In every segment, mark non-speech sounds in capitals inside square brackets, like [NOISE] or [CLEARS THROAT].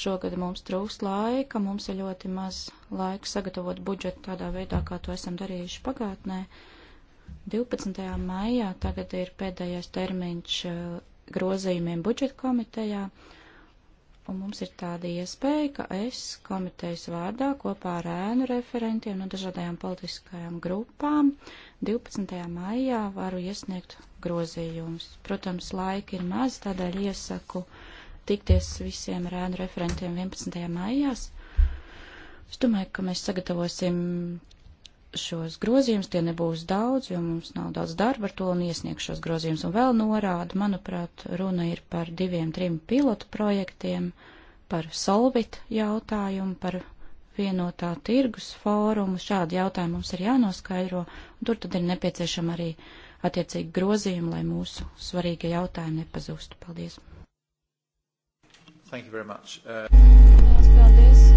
Šogad mums trūkst laika, mums ir ļoti maz laika sagatavot budžetu tādā veidā, kā to esam darījuši pagātnē. 12. maijā tagad ir pēdējais termiņš eh, grozījumiem budžeta komitejā, un mums ir tāda iespēja, ka es komitejas vārdā kopā ar ēnu referentiem no dažādajām politiskajām grupām 12. maijā varu iesniegt grozījumus. Protams, laika ir maz, tādēļ iesaku uh, tikties visiem rēnu referentiem 11. maijās. Es domāju, ka mēs sagatavosim šos grozījumus, tie nebūs daudz, jo mums nav daudz darba ar to un iesniegšu šos grozījumus. Un vēl norādu, manuprāt, runa ir par diviem, trim pilotu projektiem, par solvit jautājumu, par vienotā tirgus fórumu. Šādi jautājumi mums ir jānoskaidro, un tur tad ir nepieciešama arī attiecīgi grozījumi, lai mūsu svarīgie jautājumi nepazustu. Paldies! Thank you very much. Uh... Paldies.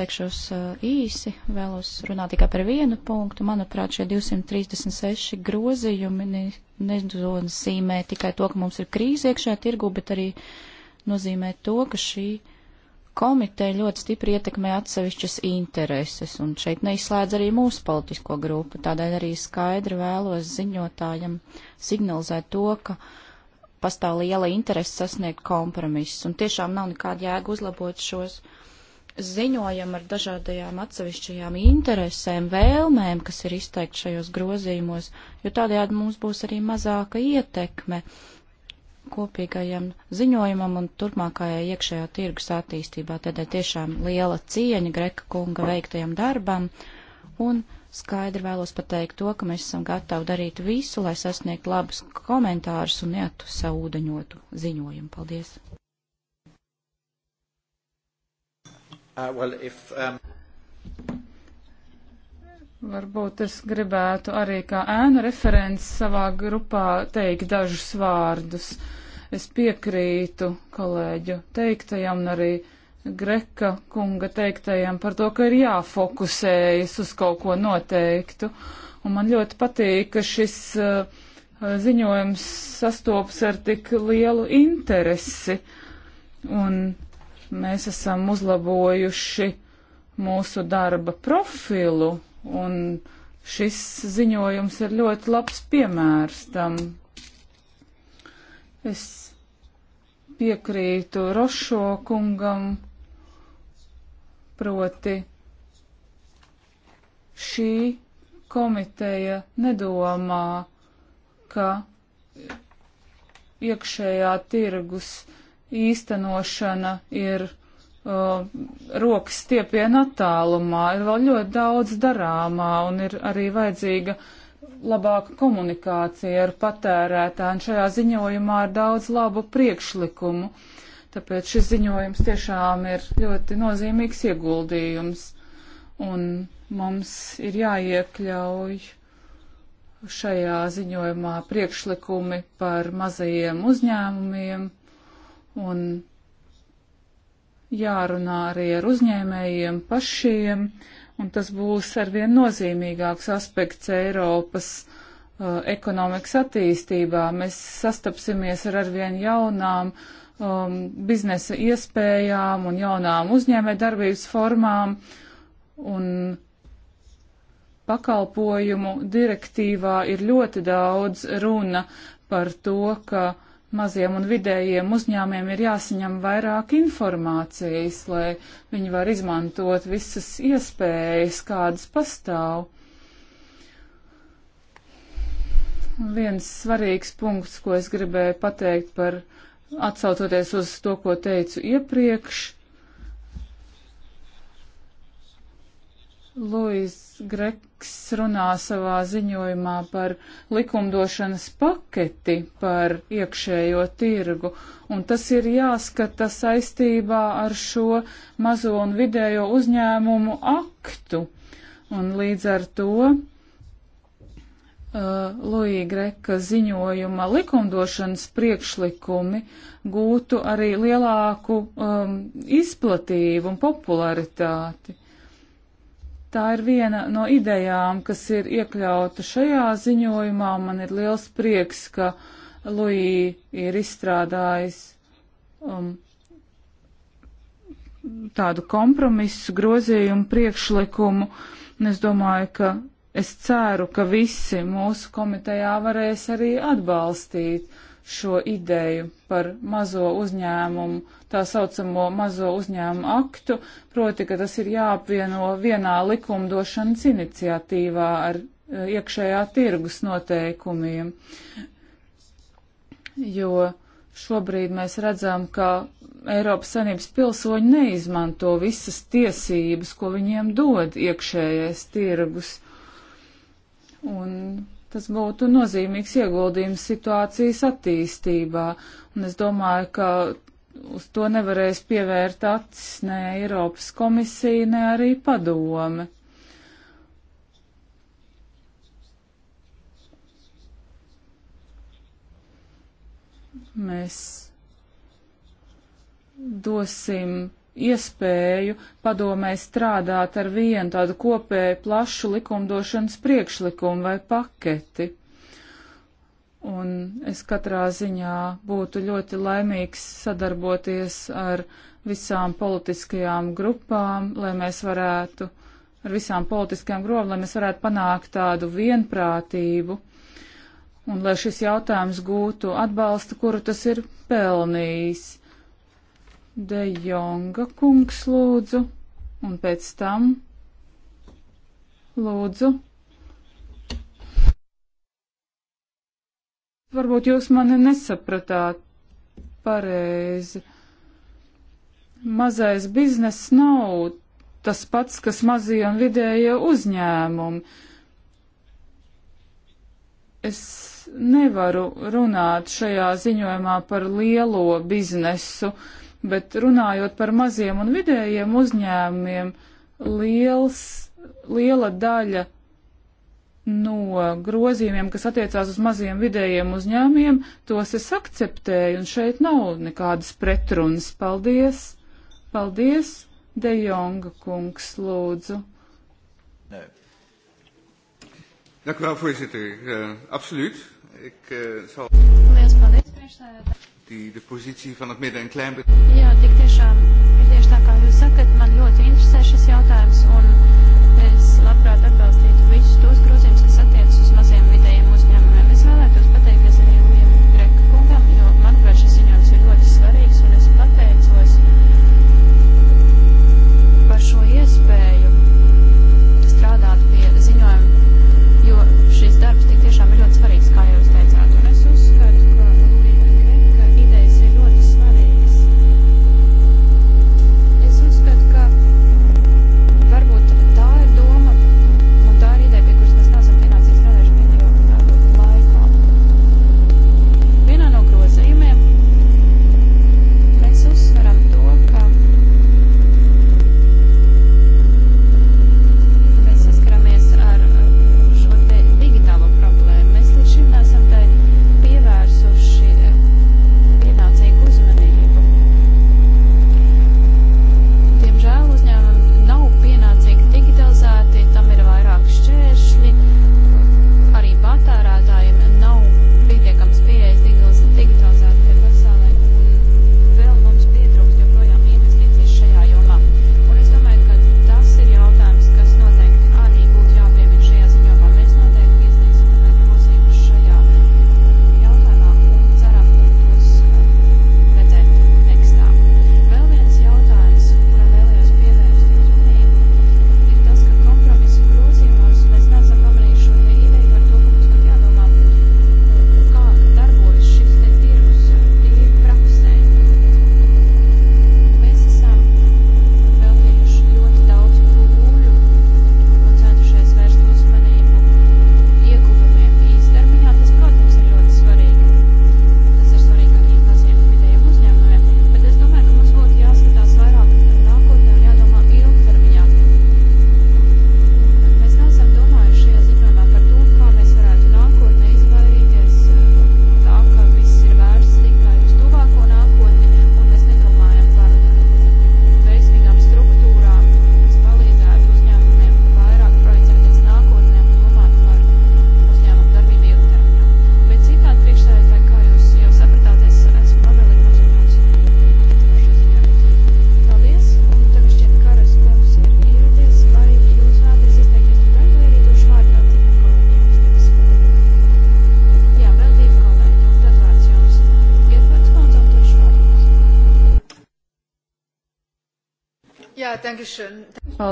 izteikšos uh, īsi, vēlos runāt tikai par vienu punktu. Manuprāt, šie 236 grozījumi nenozīmē tikai to, ka mums ir krīze iekšē tirgu, bet arī nozīmē to, ka šī komiteja ļoti stipri ietekmē atsevišķas intereses, un šeit neizslēdz arī mūsu politisko grupu. Tādēļ arī skaidri vēlos ziņotājam signalizēt to, ka pastāv liela interese sasniegt kompromisus, un tiešām nav nekāda jēga uzlabot šos ziņojumu ar dažādajām atsevišķajām interesēm, vēlmēm, kas ir izteikti šajos grozījumos, jo tādējādi mums būs arī mazāka ietekme kopīgajam ziņojumam un turpmākajai iekšējā tirgus attīstībā. Tādēļ tiešām liela cieņa Greka kunga veiktajam darbam un skaidri vēlos pateikt to, ka mēs esam gatavi darīt visu, lai sasniegtu labus komentārus un neatu saūdeņotu ziņojumu. Paldies! Uh, well, if, um... Varbūt es gribētu arī kā ēnu referents savā grupā teikt dažus vārdus. Es piekrītu kolēģu teiktajam un arī Greka kunga teiktajam par to, ka ir jāfokusējas uz kaut ko noteiktu. Un man ļoti patīk, ka šis uh, ziņojums sastopas ar tik lielu interesi. Un mēs esam uzlabojuši mūsu darba profilu, un šis ziņojums ir ļoti labs piemērs tam. Es piekrītu Rošo kungam, proti šī komiteja nedomā, ka iekšējā tirgus uh, īstenošana ir uh, rokas stiepiena attālumā, ir vēl ļoti daudz darāmā un ir arī vajadzīga labāka komunikācija ar patērētājiem. Šajā ziņojumā ir daudz labu priekšlikumu, tāpēc šis ziņojums tiešām ir ļoti nozīmīgs ieguldījums. Un mums ir jāiekļauj šajā ziņojumā priekšlikumi par mazajiem uzņēmumiem un jārunā arī ar uzņēmējiem pašiem, un tas būs arvien nozīmīgāks aspekts Eiropas uh, ekonomikas attīstībā. Mēs sastapsimies ar arvien jaunām um, biznesa iespējām un jaunām uzņēmē darbības formām, un pakalpojumu direktīvā ir ļoti daudz runa par to, ka uh, maziem un vidējiem uzņēmiem ir jāsaņem vairāk informācijas, lai viņi var izmantot visas iespējas, kādas pastāv. Viens svarīgs punkts, ko es gribēju pateikt par atsaucoties uz to, ko teicu iepriekš, Luis Greks runā savā ziņojumā par likumdošanas paketi par iekšējo tirgu, un tas ir jāskata saistībā ar šo mazo un vidējo uzņēmumu aktu. Un līdz ar to Uh, Luija Greka ziņojuma likumdošanas priekšlikumi gūtu arī lielāku um, izplatību un popularitāti. Tā ir viena no idejām, kas ir iekļauta šajā ziņojumā. Man ir liels prieks, ka Luī ir izstrādājis um, tādu kompromisu grozījumu priekšlikumu. Un es domāju, ka es ceru, ka visi mūsu komitejā varēs arī atbalstīt šo ideju par mazo uzņēmumu tā saucamo mazo uzņēmumu aktu, proti, ka tas ir jāapvieno vienā likumdošanas iniciatīvā ar e, iekšējā tirgus noteikumiem. Jo šobrīd mēs redzam, ka Eiropas Savienības pilsoņi neizmanto visas tiesības, ko viņiem dod iekšējais tirgus. Un tas būtu nozīmīgs ieguldījums situācijas attīstībā. Un es domāju, ka uz to nevarēs pievērt acis ne Eiropas komisija, ne arī padome. Mēs dosim iespēju padomē strādāt ar vienu tādu kopēju plašu likumdošanas priekšlikumu vai paketi. Un es katrā ziņā būtu ļoti laimīgs sadarboties ar visām politiskajām grupām, lai mēs varētu, ar visām politiskajām grupām, lai mēs varētu panākt tādu vienprātību un lai šis jautājums gūtu atbalstu, kuru tas ir pelnījis. De Jonga kungs lūdzu, un pēc tam lūdzu Varbūt jūs mani nesapratāt pareizi. Mazais biznes nav tas pats, kas mazie un vidējie uzņēmumi. Es nevaru runāt šajā ziņojumā par lielo biznesu, bet runājot par maziem un vidējiem uzņēmumiem, liels, liela daļa no grozījumiem, kas attiecās uz maziem vidējiem uzņēmiem, tos es akceptēju, un šeit nav nekādas pretrunas. Paldies! Paldies, De Jonga kungs, lūdzu! Nē. Dank u wel, voorzitter. Uh, absoluut. Ik uh, zal... Liels paldies, priekšsēdētāj. Die, de positie van het midden- en kleinbedrijf. Jā, tik tiešām, ir tieši tā kā jūs sakat, man ļoti interesē šis jautājums, un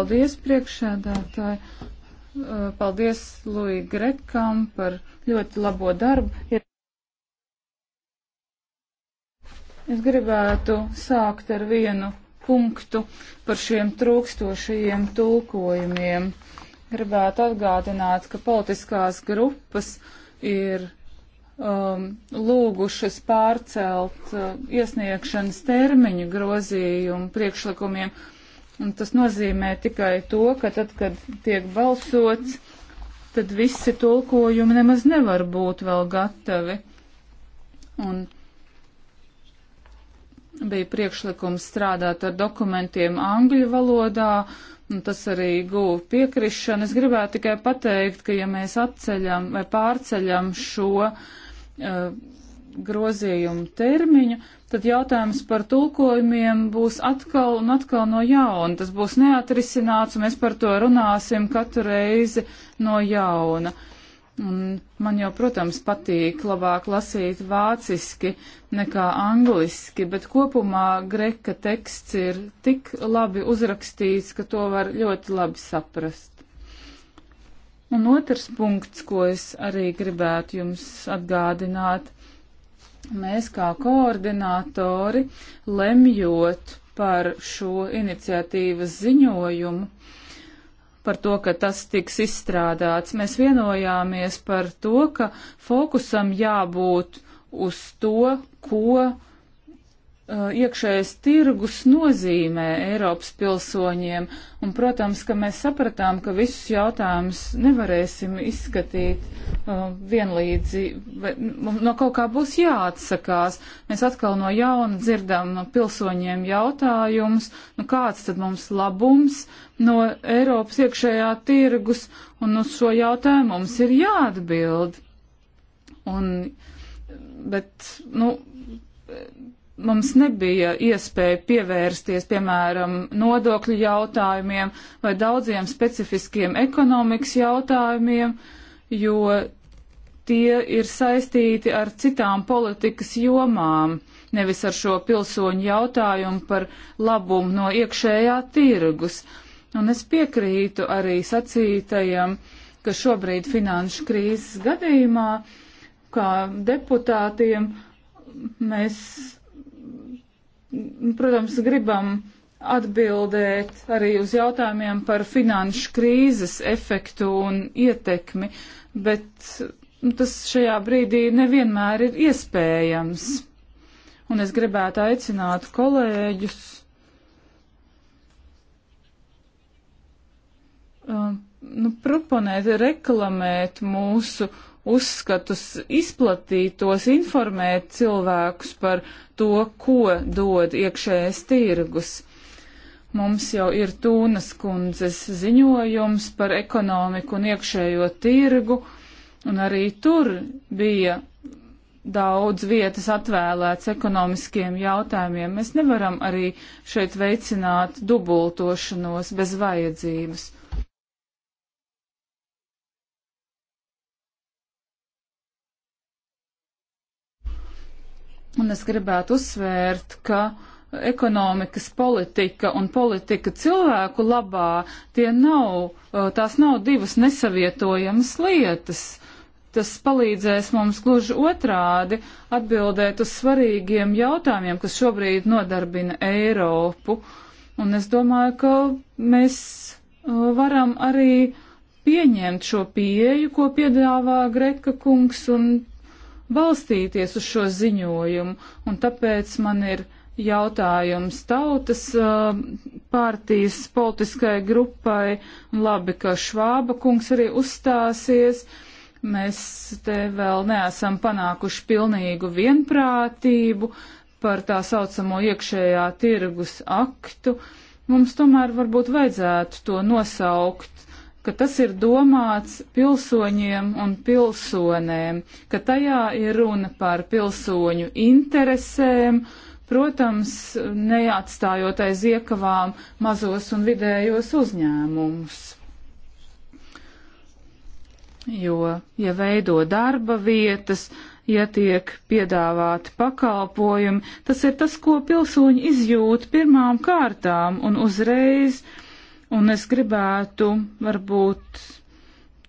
Paldies, priekšsēdētāji. Uh, paldies Lui Grekam par ļoti labo darbu. Es gribētu sākt ar vienu punktu par šiem trūkstošajiem tulkojumiem. Gribētu atgādināt, ka politiskās grupas ir um, lūgušas pārcelt uh, iesniegšanas termiņu grozījumu priekšlikumiem Un tas nozīmē tikai to, ka tad, kad tiek balsots, tad visi tulkojumi nemaz nevar būt vēl gatavi. Un bija priekšlikums strādāt ar dokumentiem angļu valodā, un tas arī guva piekrišanu. Es gribētu tikai pateikt, ka ja mēs atceļam vai pārceļam šo uh, grozījumu termiņu, tad jautājums par tulkojumiem būs atkal un atkal no jauna. Tas būs neatrisināts, un mēs par to runāsim katru reizi no jauna. Un man jau, protams, patīk labāk lasīt vāciski nekā angliski, bet kopumā greka teksts ir tik labi uzrakstīts, ka to var ļoti labi saprast. Un otrs punkts, ko es arī gribētu jums atgādināt, mēs kā koordinātori lemjot par šo iniciatīvas ziņojumu, par to, ka tas tiks izstrādāts, mēs vienojāmies par to, ka fokusam jābūt uz to, ko Uh, iekšējais tirgus nozīmē Eiropas pilsoņiem, un, protams, ka mēs sapratām, ka visus jautājumus nevarēsim izskatīt uh, vienlīdzi, nu, no kaut kā būs jāatsakās. Mēs atkal no jauna dzirdam no pilsoņiem jautājumus, nu kāds tad mums labums no Eiropas iekšējā tirgus, un uz šo jautājumu mums ir jāatbild. Un, bet, nu, mums nebija iespēja pievērsties, piemēram, nodokļu jautājumiem vai daudziem specifiskiem ekonomikas jautājumiem, jo tie ir saistīti ar citām politikas jomām, nevis ar šo pilsoņu jautājumu par labumu no iekšējā tirgus. Un es piekrītu arī sacītajam, ka šobrīd finanšu krīzes gadījumā, kā deputātiem, mēs protams, gribam atbildēt arī uz jautājumiem par finanšu krīzes efektu un ietekmi, bet nu, tas šajā brīdī nevienmēr ir iespējams. Un es gribētu aicināt kolēģus uh, nu, proponēt, reklamēt mūsu uzskatus izplatītos, informēt cilvēkus par to, ko dod iekšējais tirgus. Mums jau ir Tūnas kundzes ziņojums par ekonomiku un iekšējo tirgu, un arī tur bija daudz vietas atvēlēts ekonomiskiem jautājumiem. Mēs nevaram arī šeit veicināt dubultošanos bez vajadzības. Un es gribētu uzsvērt, ka ekonomikas politika un politika cilvēku labā tie nav, uh, tās nav divas nesavietojamas lietas. Tas palīdzēs mums gluži otrādi atbildēt uz svarīgiem jautājumiem, kas šobrīd nodarbina Eiropu. Un es domāju, ka mēs uh, varam arī pieņemt šo pieeju, ko piedāvā Greka kungs, un balstīties uz šo ziņojumu, un tāpēc man ir jautājums tautas uh, partijas politiskai grupai, un labi, ka Švāba kungs arī uzstāsies. Mēs te vēl neesam panākuši pilnīgu vienprātību par tā saucamo iekšējā tirgus aktu. Mums tomēr varbūt vajadzētu to nosaukt ka tas ir domāts pilsoņiem un pilsonēm, ka tajā ir runa par pilsoņu interesēm, protams, neatstājot aiz iekavām mazos un vidējos uzņēmumus. Jo, ja veido darba vietas, ja tiek piedāvāti pakalpojumi, tas ir tas, ko pilsoņi izjūt pirmām kārtām un uzreiz uh, Un es gribētu varbūt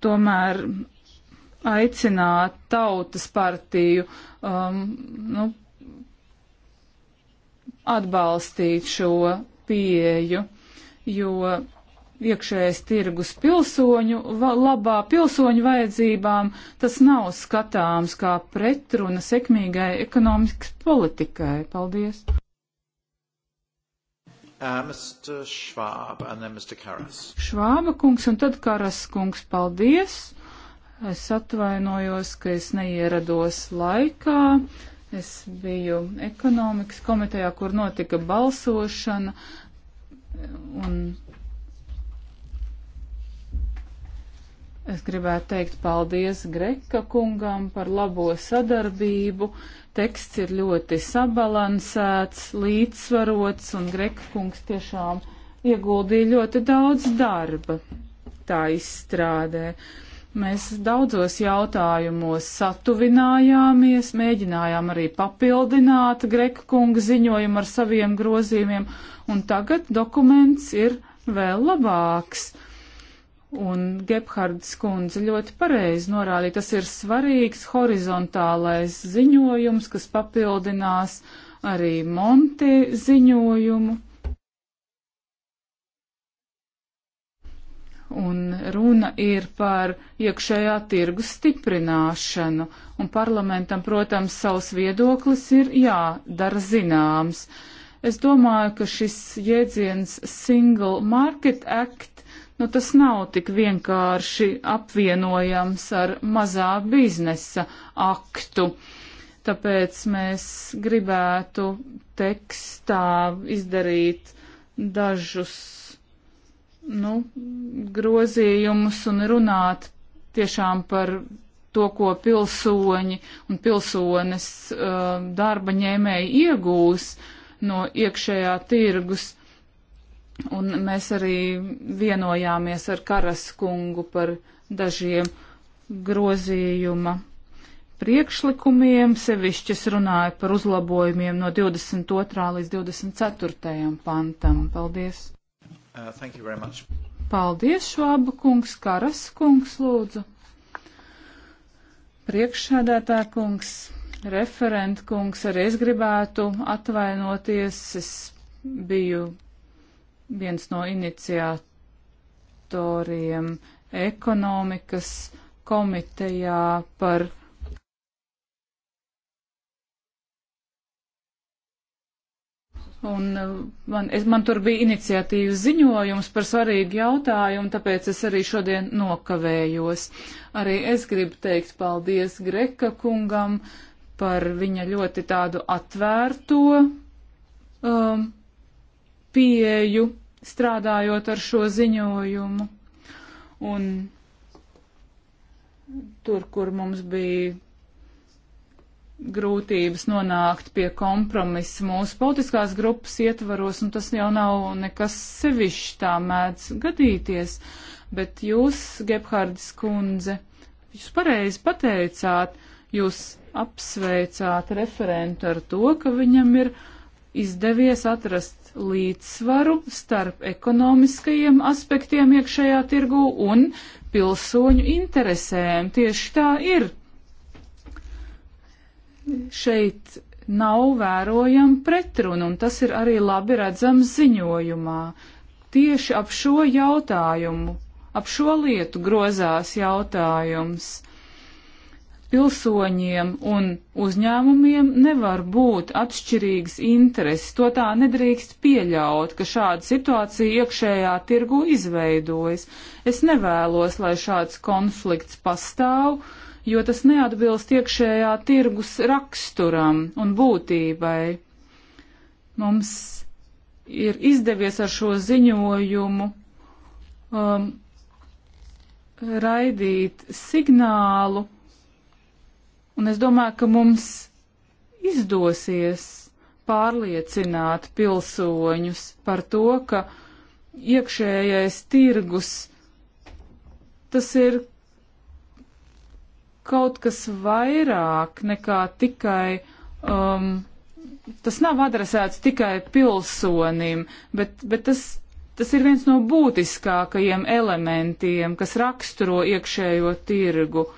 tomēr aicināt tautas partiju um, nu, atbalstīt šo pieeju, jo iekšējais tirgus pilsoņu labā, pilsoņu vajadzībām tas nav skatāms kā pretruna sekmīgai ekonomikas politikai. Paldies! Uh, Mr. Schwab and then Mr. Karas. Švāba kungs un tad Karas kungs, paldies. Es atvainojos, ka es neierados laikā. Es biju ekonomikas komitejā, kur notika balsošana. Un Es gribētu teikt paldies Greka kungam par labo sadarbību. Teksts ir ļoti sabalansēts, līdzsvarots, un Greka kungs tiešām ieguldīja ļoti daudz darba tā izstrādē. Mēs daudzos jautājumos satuvinājāmies, mēģinājām arī papildināt Greka kunga ziņojumu ar saviem grozījumiem, un tagad dokuments ir vēl labāks. Un Gebhards kundze ļoti pareizi norādīja, tas ir svarīgs horizontālais ziņojums, kas papildinās arī Monti ziņojumu. Un runa ir par iekšējā tirgus stiprināšanu, un parlamentam, protams, savs viedoklis ir jādara zināms. Es domāju, ka šis jēdziens Single Market Act nu, tas nav tik vienkārši apvienojams ar mazā biznesa aktu. Tāpēc mēs gribētu tekstā izdarīt dažus nu, grozījumus un runāt tiešām par to, ko pilsoņi un pilsones uh, darba ņēmēji iegūs no iekšējā tirgus Un mēs arī vienojāmies ar Karaskungu par dažiem grozījuma priekšlikumiem, sevišķi es runāju par uzlabojumiem no 22. līdz 24. pantam. Paldies! Uh, Paldies, Švāba kungs, Karas kungs, lūdzu. Priekšsēdētā kungs, referent kungs, arī es gribētu atvainoties, es biju viens no iniciatoriem ekonomikas komitejā par Un uh, man, es, man tur bija iniciatīvas ziņojums par svarīgu jautājumu, tāpēc es arī šodien nokavējos. Arī es gribu teikt paldies Greka kungam par viņa ļoti tādu atvērto um, pieju strādājot ar šo ziņojumu. Un tur, kur mums bija grūtības nonākt pie kompromisa mūsu politiskās grupas ietvaros, un tas jau nav nekas sevišķi tā mēdz gadīties, bet jūs, Gebhardis kundze, jūs pareizi pateicāt, jūs apsveicāt referentu ar to, ka viņam ir izdevies atrast rast līdzsvaru starp ekonomiskajiem aspektiem iekšējā tirgū un pilsoņu interesēm. Tieši tā ir. Šeit nav vērojama pretruna, un tas ir arī labi redzams ziņojumā. Tieši ap šo jautājumu, ap šo lietu grozās jautājums pilsoņiem un uzņēmumiem nevar būt atšķirīgas intereses. To tā nedrīkst pieļaut, ka šāda situācija iekšējā tirgu izveidojas. Es nevēlos, lai šāds konflikts pastāv, jo tas neatbilst iekšējā tirgus raksturam un būtībai. Mums ir izdevies ar šo ziņojumu um, raidīt signālu, Un es domāju, ka mums izdosies pārliecināt pilsoņus par to, ka iekšējais tirgus tas ir kaut kas vairāk nekā tikai um, tas nav adresēts tikai pilsonim, bet, bet tas, tas ir viens no būtiskākajiem elementiem, kas raksturo iekšējo tirgu.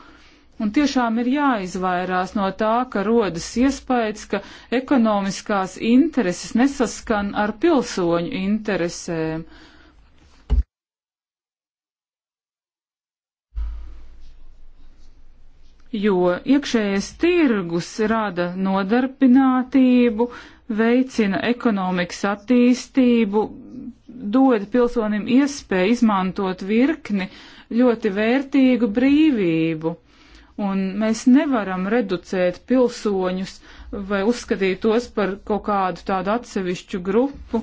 Un tiešām ir jāizvairās no tā, ka rodas iespējas, ka ekonomiskās intereses nesaskan ar pilsoņu interesēm. Jo iekšējais tirgus rada nodarbinātību, veicina ekonomikas attīstību, dod pilsonim iespēju izmantot virkni ļoti vērtīgu brīvību. Un mēs nevaram reducēt pilsoņus vai uzskatīt tos par kaut kādu tādu atsevišķu grupu.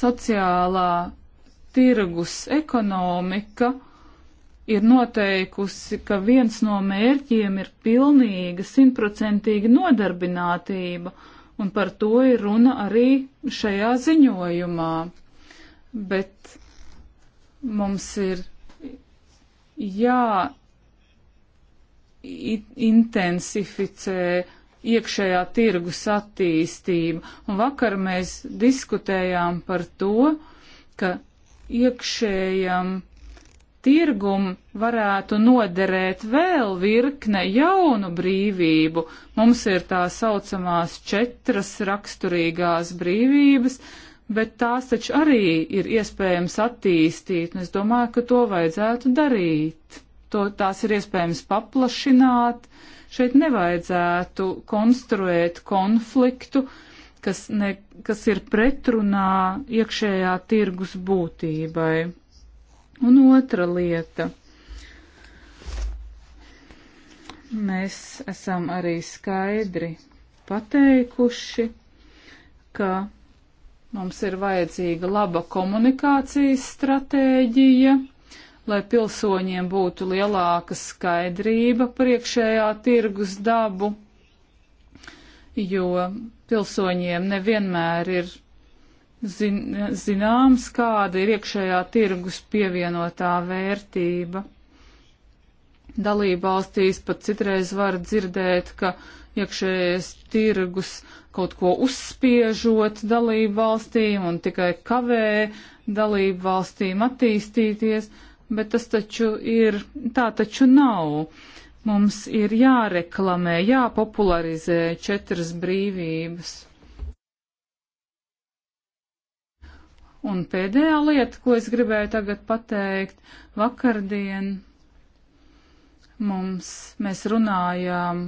Sociālā tirgus ekonomika ir noteikusi, ka viens no mērķiem ir pilnīga, simtprocentīga nodarbinātība, un par to ir runa arī šajā ziņojumā. Bet mums ir jā intensificē iekšējā tirgus attīstība. Un vakar mēs diskutējām par to, ka iekšējam tirgum varētu noderēt vēl virkne jaunu brīvību. Mums ir tā saucamās četras raksturīgās brīvības, uh, bet tās taču arī ir iespējams attīstīt, un es domāju, ka to vajadzētu darīt. To, tās ir iespējams paplašināt. Šeit nevajadzētu konstruēt konfliktu, kas, ne, kas ir pretrunā iekšējā tirgus būtībai. Un otra lieta. Mēs esam arī skaidri pateikuši, ka Mums ir vajadzīga laba komunikācijas stratēģija, lai pilsoņiem būtu lielāka skaidrība priekšējā tirgus dabu, jo pilsoņiem nevienmēr ir zin, zināms, kāda ir iekšējā tirgus pievienotā vērtība. Dalībvalstīs pat citreiz var dzirdēt, ka iekšējais tirgus kaut ko uzspiežot dalību valstīm un tikai kavē dalību valstīm attīstīties, bet tas taču ir, tā taču nav. Mums ir jāreklamē, jāpopularizē četras brīvības. Un pēdējā lieta, ko es gribēju tagad pateikt, vakardien mums mēs runājām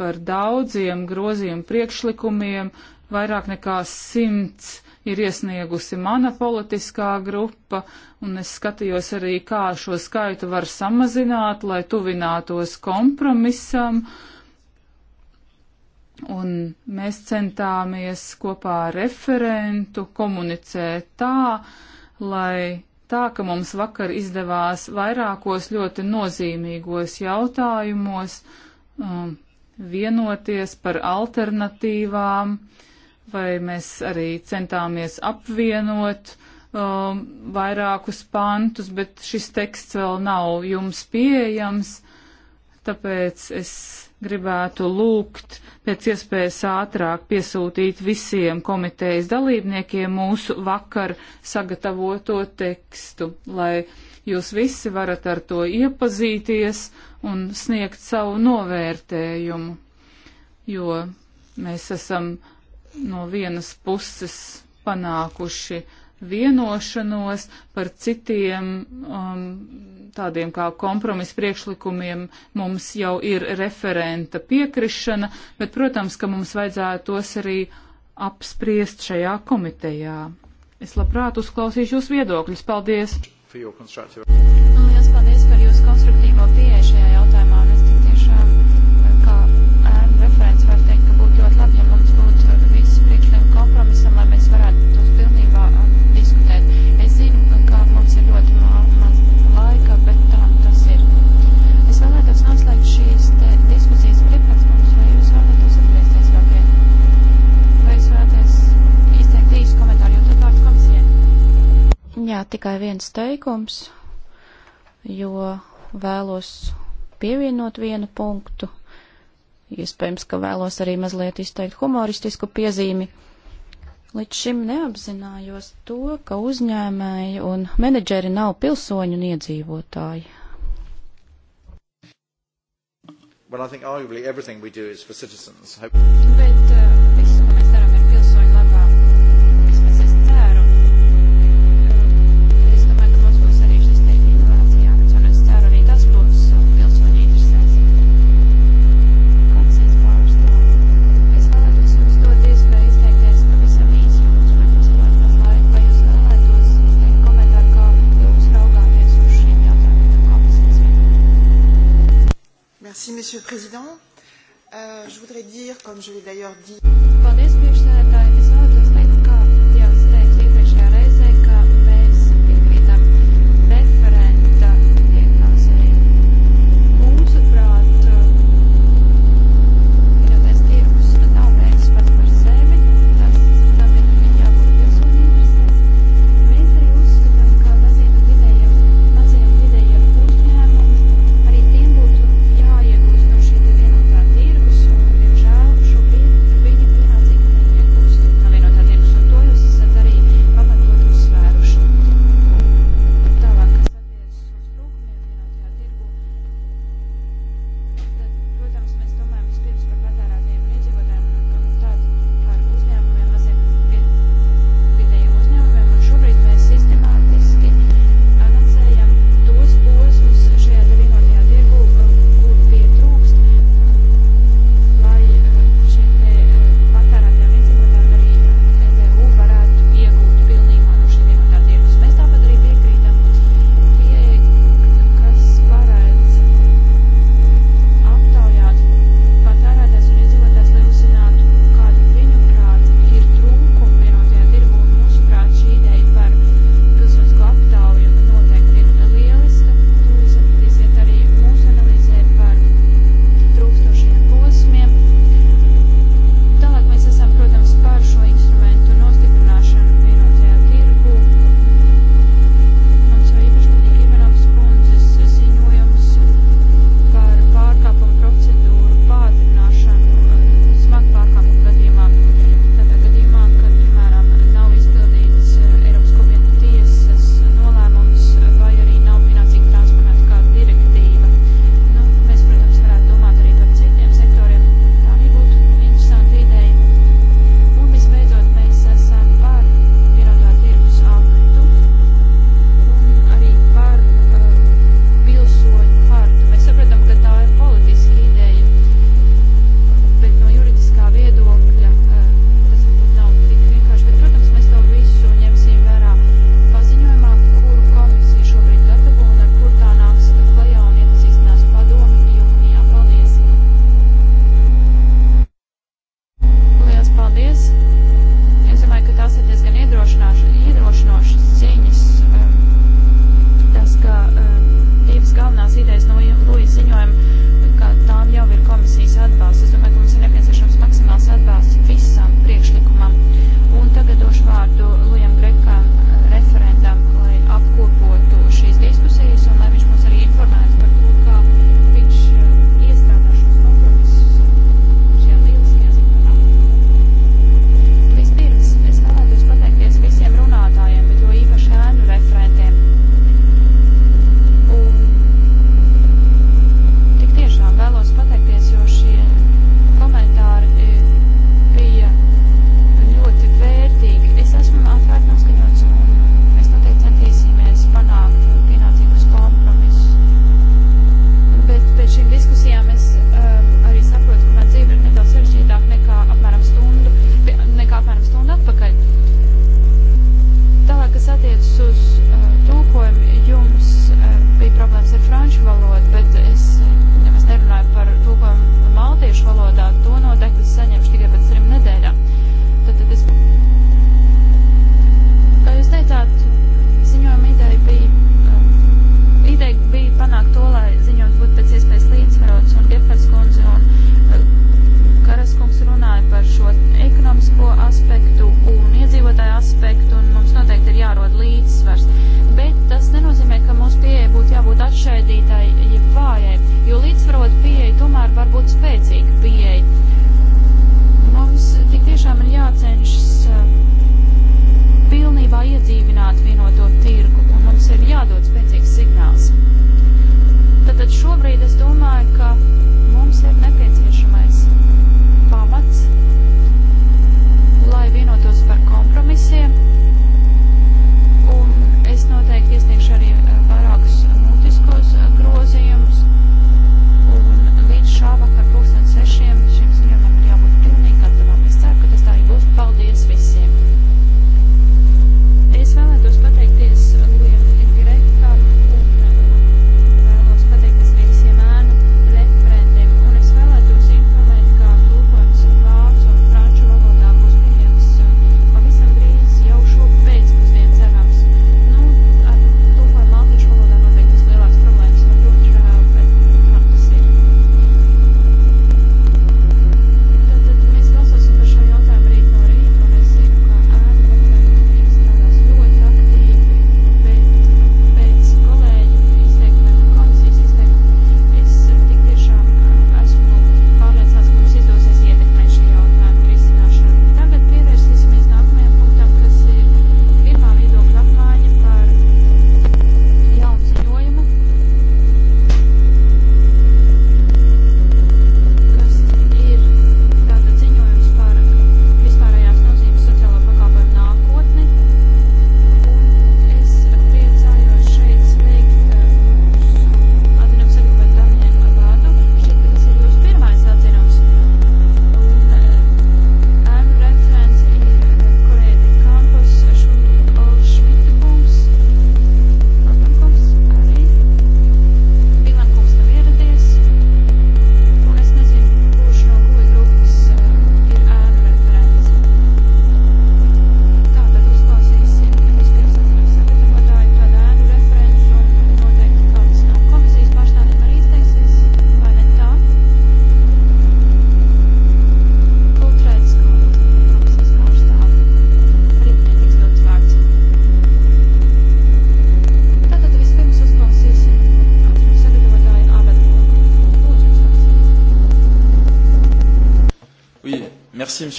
par daudziem grozījumu priekšlikumiem, vairāk nekā simts ir iesniegusi mana politiskā grupa, un es skatījos arī, kā šo skaitu var samazināt, lai tuvinātos kompromisam. Un mēs centāmies kopā ar referentu komunicēt tā, lai tā, ka mums vakar izdevās vairākos ļoti nozīmīgos jautājumos um, vienoties par alternatīvām, vai mēs arī centāmies apvienot um, vairākus pantus, bet šis teksts vēl nav jums pieejams, tāpēc es gribētu lūgt pēc iespējas ātrāk piesūtīt visiem komitejas dalībniekiem mūsu vakar sagatavoto tekstu, lai Jūs visi varat ar to iepazīties un sniegt savu novērtējumu, jo mēs esam no vienas puses panākuši vienošanos par citiem um, tādiem kā kompromisu priekšlikumiem mums jau ir referenta piekrišana, bet, protams, ka mums vajadzētu tos arī apspriest šajā komitejā. Es labprāt uzklausīšu jūs viedokļus. Paldies! for your constructive. Lielas paldies par jūsu konstruktīvo pieeju. Jā, tikai viens teikums, jo vēlos pievienot vienu punktu. Iespējams, ka vēlos arī mazliet izteikt humoristisku piezīmi. Līdz šim neapzinājos to, ka uzņēmēji un menedžeri nav pilsoņu un iedzīvotāji. Well, I think arguably everything we do is for citizens. Hope... But, uh... comme je l'ai d'ailleurs dit.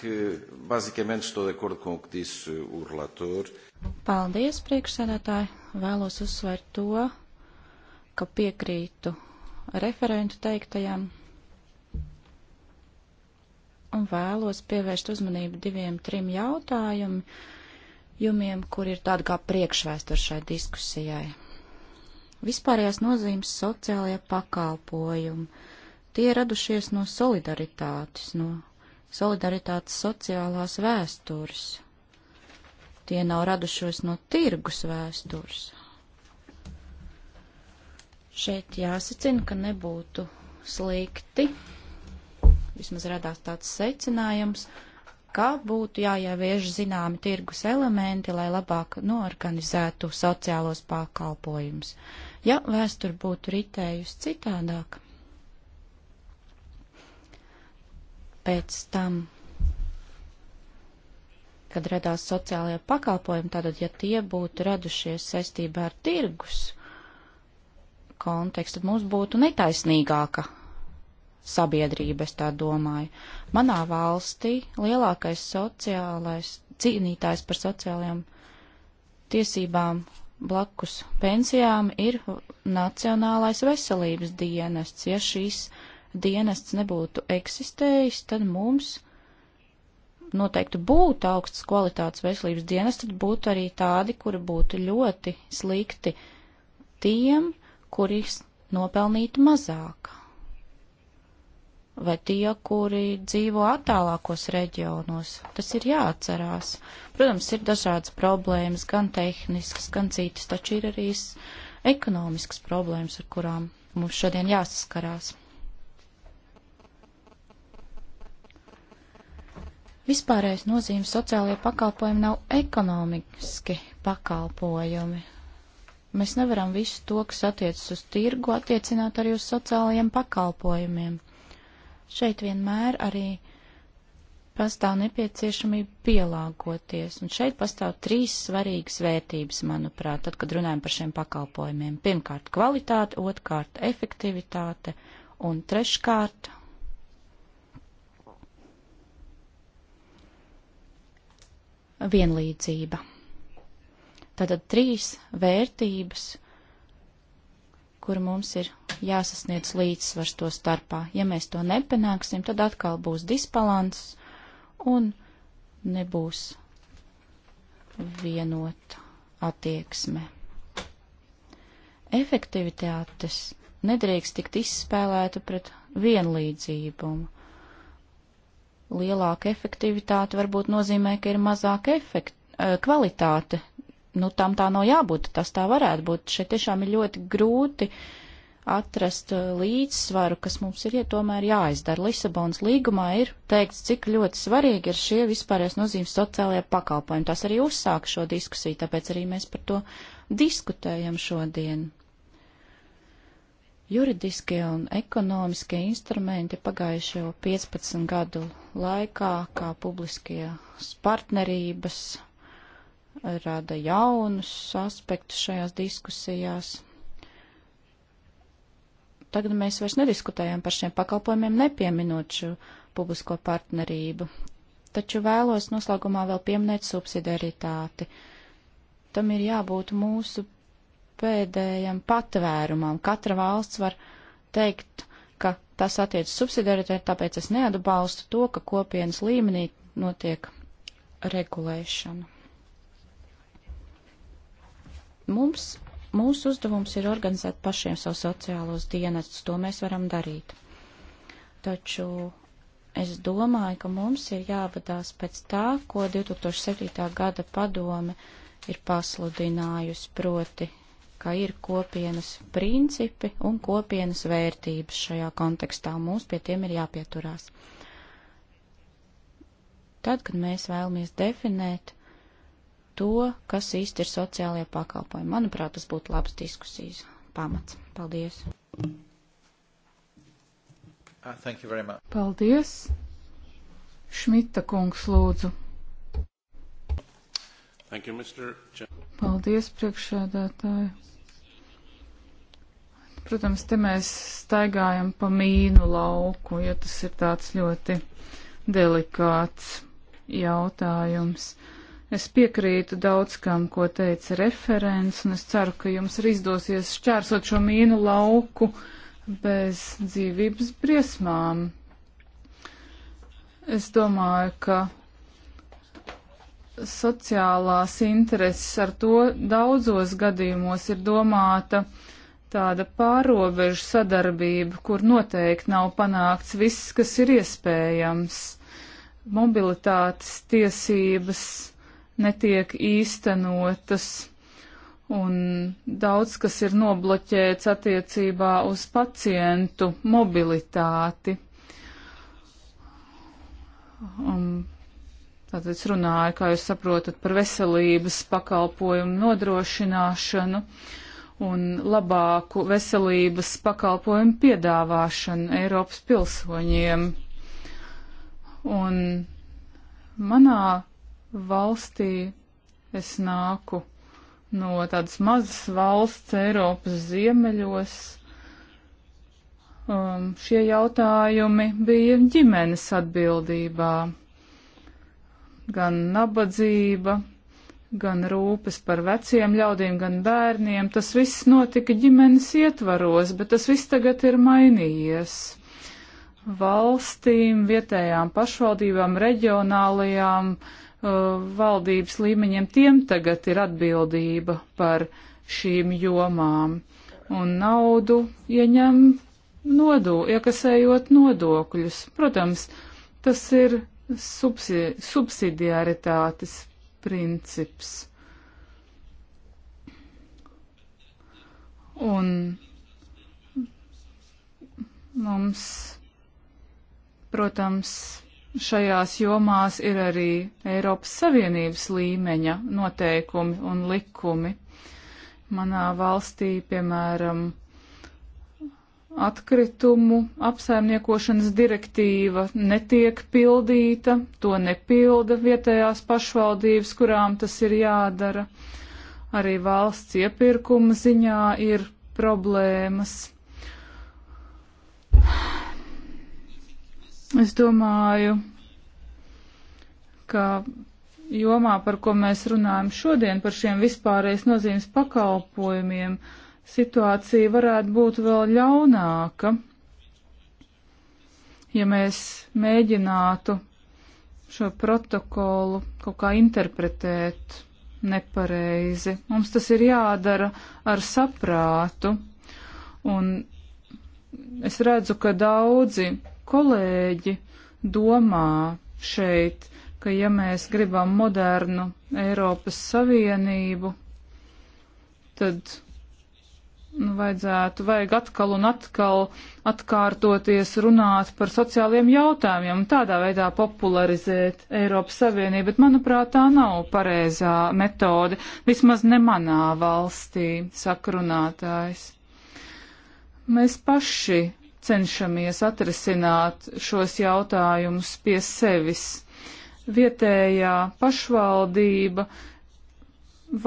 que basicamente estou de acordo com o que disse o relator. Paldies, priekšsēdētāji. Vēlos uzsvērt to, ka piekrītu referentu teiktajam un vēlos pievērst uzmanību diviem, trim jautājumiem, kur ir tāda kā priekšvēstur šai diskusijai. Vispārējās nozīmes sociālajie pakalpojumi. Tie radušies no solidaritātes, no solidaritātes sociālās vēstures. Tie nav radušos no tirgus vēstures. Šeit jāsacina, ka nebūtu slikti, vismaz radās tāds secinājums, ka būtu jāievieš zināmi tirgus elementi, lai labāk norganizētu sociālos pakalpojumus. Ja vēsture būtu ritējusi citādāk, Pēc tam, kad radās sociālajie pakalpojumi, tātad, ja tie būtu radušies saistībā ar tirgus kontekstu, mums būtu netaisnīgāka sabiedrība, es tā domāju. Manā valstī lielākais sociālais cīnītājs par sociālajām tiesībām blakus pensijām ir Nacionālais veselības dienests, ja šīs dienests nebūtu eksistējis, tad mums noteikti būtu augsts kvalitātes veselības dienas, tad būtu arī tādi, kuri būtu ļoti slikti tiem, kuri nopelnītu mazāk. Vai tie, kuri dzīvo attālākos reģionos, tas ir jāatcerās. Protams, ir dažādas problēmas, gan tehniskas, gan citas, taču ir arī ekonomiskas problēmas, ar kurām mums šodien jāsaskarās. Vispārējais nozīmes sociālajie pakalpojumi nav ekonomiski pakalpojumi. Mēs nevaram visu to, kas attiecas uz tirgu, attiecināt arī uz sociālajiem pakalpojumiem. Šeit vienmēr arī pastāv nepieciešamība pielāgoties, un šeit pastāv trīs svarīgas vērtības, manuprāt, tad, kad runājam par šiem pakalpojumiem. Pirmkārt, kvalitāte, otrkārt, efektivitāte, un treškārt, vienlīdzība. Tātad trīs vērtības, kur mums ir jāsasniedz līdzsvars to starpā. Ja mēs to nepanāksim, tad atkal būs disbalans un nebūs vienota attieksme. Efektivitātes nedrīkst tikt izspēlēta pret vienlīdzībumu lielāka efektivitāte varbūt nozīmē, ka ir mazāka efekt, eh, kvalitāte. Nu, tam tā nav jābūt, tas tā varētu būt. Šeit tiešām ir ļoti grūti atrast eh, līdzsvaru, kas mums ir ja tomēr jāizdara. Lisabonas līgumā ir teikts, cik ļoti svarīgi ir šie vispārējais nozīmes sociālajie pakalpojumi. Tas arī uzsāk šo diskusiju, tāpēc arī mēs par to diskutējam šodien. Juridiskie un ekonomiskie instrumenti pagājušo 15 gadu laikā, kā publiskie partnerības, rada jaunus aspektus šajās diskusijās. Tagad mēs vairs nediskutējam par šiem pakalpojumiem, nepieminot šo publisko partnerību. Taču vēlos noslēgumā vēl pieminēt subsidiaritāti. Tam ir jābūt mūsu pēdējam patvērumam. Katra valsts var teikt, ka tas attiec subsidiaritē, tāpēc es neatbalstu to, ka kopienas līmenī notiek regulēšana. Mums, mūsu uzdevums ir organizēt pašiem savus sociālos dienestus, to mēs varam darīt. Taču es domāju, ka mums ir jāvadās pēc tā, ko 2007. gada padome ir pasludinājusi proti ka ir kopienas principi un kopienas vērtības šajā kontekstā, un mums pie tiem ir jāpieturās. Tad, kad mēs vēlamies definēt to, kas īsti ir sociālajie pakalpojumi, manuprāt, tas būtu labs diskusijas pamats. Paldies! Uh, Paldies! Šmita kungs lūdzu. Thank you, Mr. Paldies, priekšsēdētāji. Protams, te mēs staigājam pa mīnu lauku, jo tas ir tāds ļoti delikāts jautājums. Es piekrītu daudz kam, ko teica referents, un es ceru, ka jums arī izdosies šķērsot šo mīnu lauku bez dzīvības briesmām. Es domāju, ka sociālās intereses ar to daudzos gadījumos ir domāta tāda pārobežu sadarbība, kur noteikti nav panākts viss, kas ir iespējams. Mobilitātes tiesības netiek īstenotas un daudz, kas ir nobloķēts attiecībā uz pacientu mobilitāti. Um, Tātad es runāju, kā jūs saprotat, par veselības pakalpojumu nodrošināšanu un labāku veselības pakalpojumu piedāvāšanu Eiropas pilsoņiem. Un manā valstī es nāku no tādas mazas valsts Eiropas ziemeļos. Um, šie jautājumi bija ģimenes atbildībā gan nabadzība, gan rūpes par veciem ļaudīm, gan bērniem. Tas viss notika ģimenes ietvaros, bet tas viss tagad ir mainījies. Valstīm, vietējām pašvaldībām, reģionālajām uh, valdības līmeņiem tiem tagad ir atbildība par šīm jomām. Un naudu ieņem nodo, iekasējot nodokļus. Protams, tas ir subsi subsidiaritātes princips. Un mums, protams, šajās jomās ir arī Eiropas Savienības līmeņa noteikumi un likumi. Manā valstī, piemēram, atkritumu apsaimniekošanas direktīva netiek pildīta, to nepilda vietējās pašvaldības, kurām tas ir jādara. Arī valsts iepirkuma ziņā ir problēmas. Es domāju, ka jomā, par ko mēs runājam šodien, par šiem vispārējais nozīmes pakalpojumiem, uh, situācija varētu būt vēl ļaunāka, ja mēs mēģinātu šo protokolu kaut kā interpretēt nepareizi. Mums tas ir jādara ar saprātu. Un es redzu, ka daudzi kolēģi domā šeit, ka ja mēs gribam modernu Eiropas Savienību, tad Nu, vajadzētu, vajag atkal un atkal atkārtoties runāt par sociāliem jautājumiem un tādā veidā popularizēt Eiropas Savienību, bet manuprāt tā nav pareizā metode, vismaz ne manā valstī, sakrunātājs. Mēs paši cenšamies atrisināt šos jautājumus pie sevis. Vietējā pašvaldība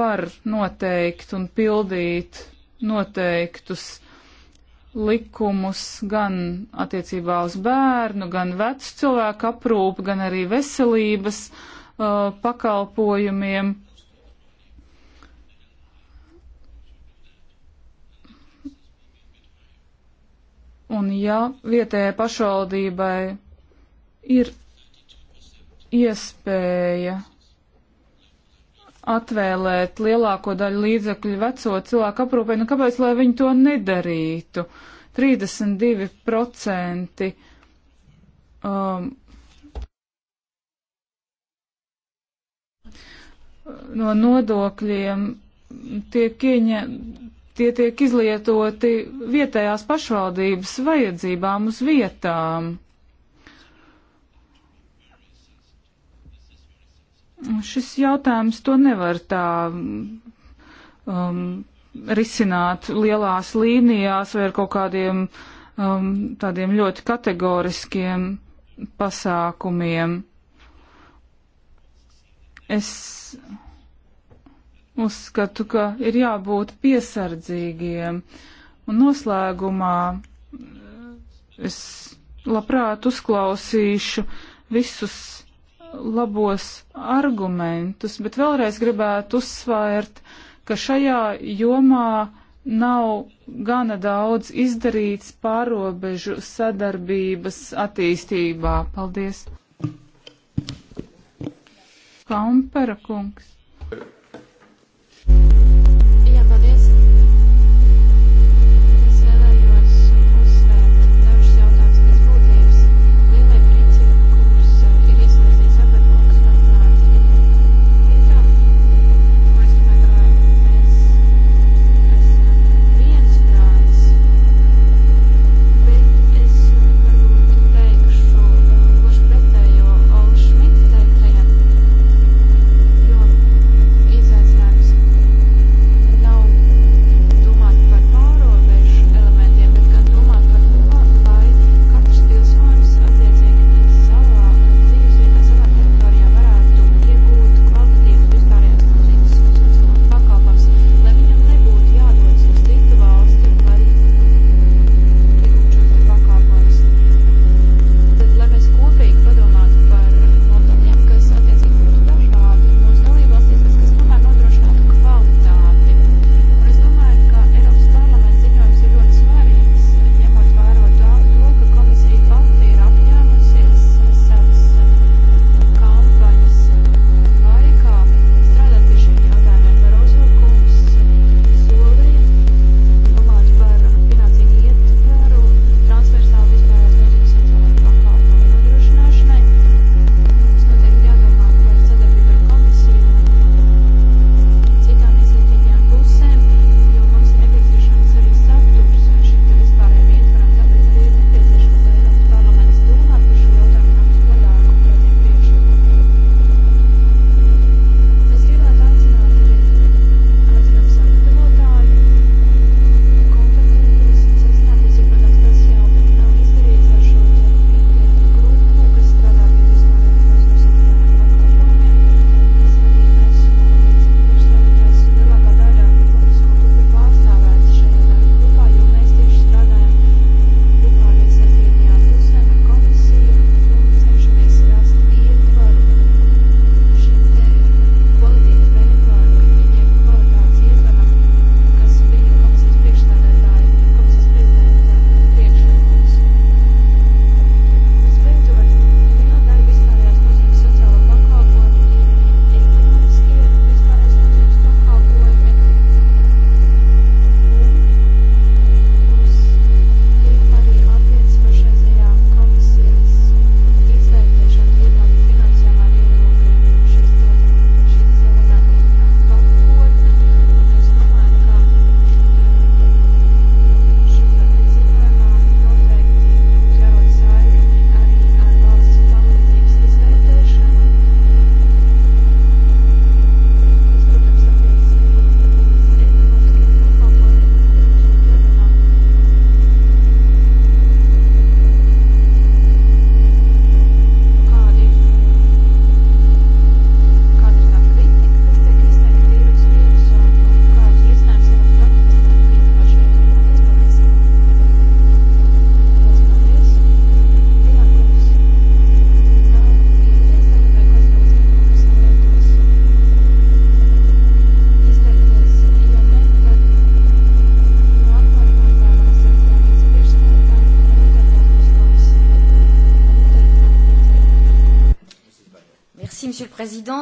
var noteikt un pildīt noteiktus likumus gan attiecībā uz bērnu, gan vecu cilvēku aprūpu, gan arī veselības uh, pakalpojumiem. Un ja vietējai pašvaldībai ir iespēja atvēlēt lielāko daļu līdzekļu veco cilvēku aprūpē, nu kāpēc, lai viņi to nedarītu? 32% um, no nodokļiem tiek ieņem, tie tiek izlietoti vietējās pašvaldības vajadzībām uz vietām. Šis jautājums to nevar tā um, risināt lielās līnijās vai ar kaut kādiem um, tādiem ļoti kategoriskiem pasākumiem. Es uzskatu, ka ir jābūt piesardzīgiem. Un noslēgumā es labprāt uzklausīšu visus labos argumentus, bet vēlreiz gribētu uzsvērt, ka šajā jomā nav gana daudz izdarīts pārobežu sadarbības attīstībā. Paldies! Kampera kungs.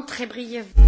très brièvement.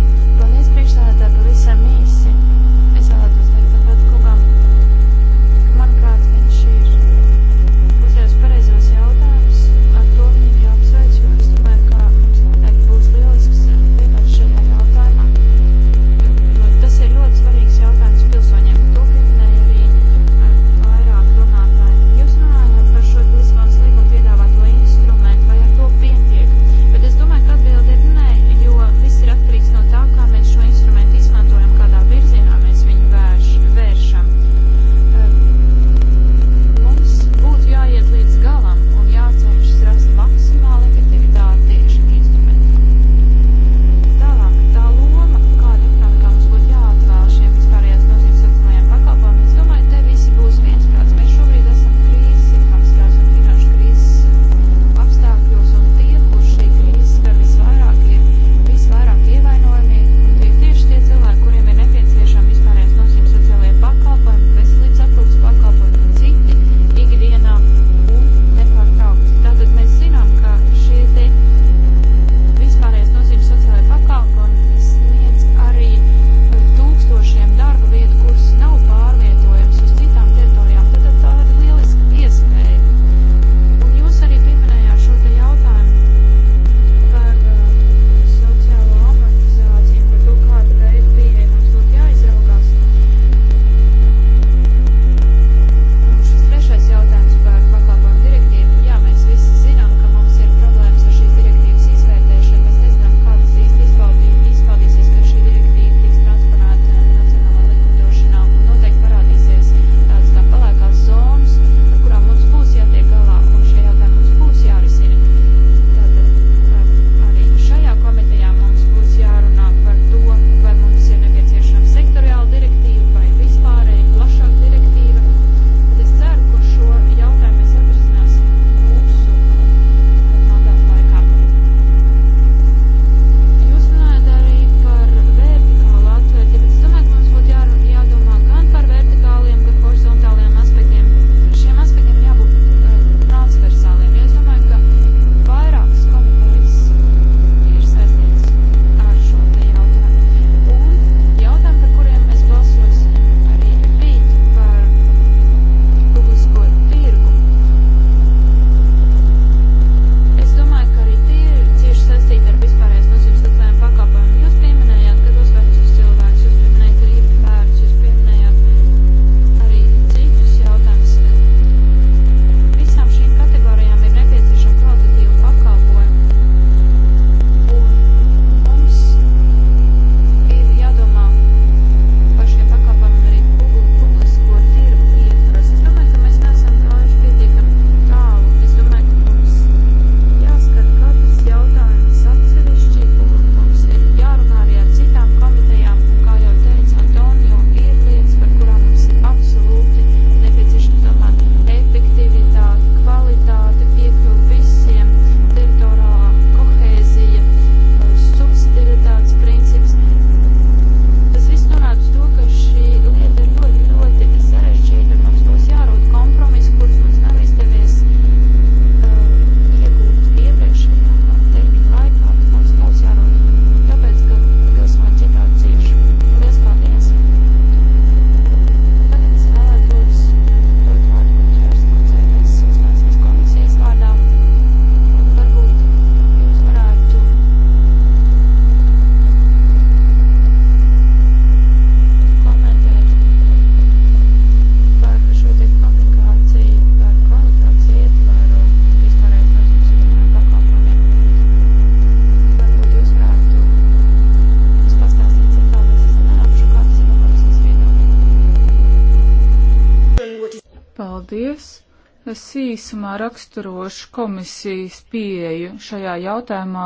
īsumā raksturošu komisijas pieeju šajā jautājumā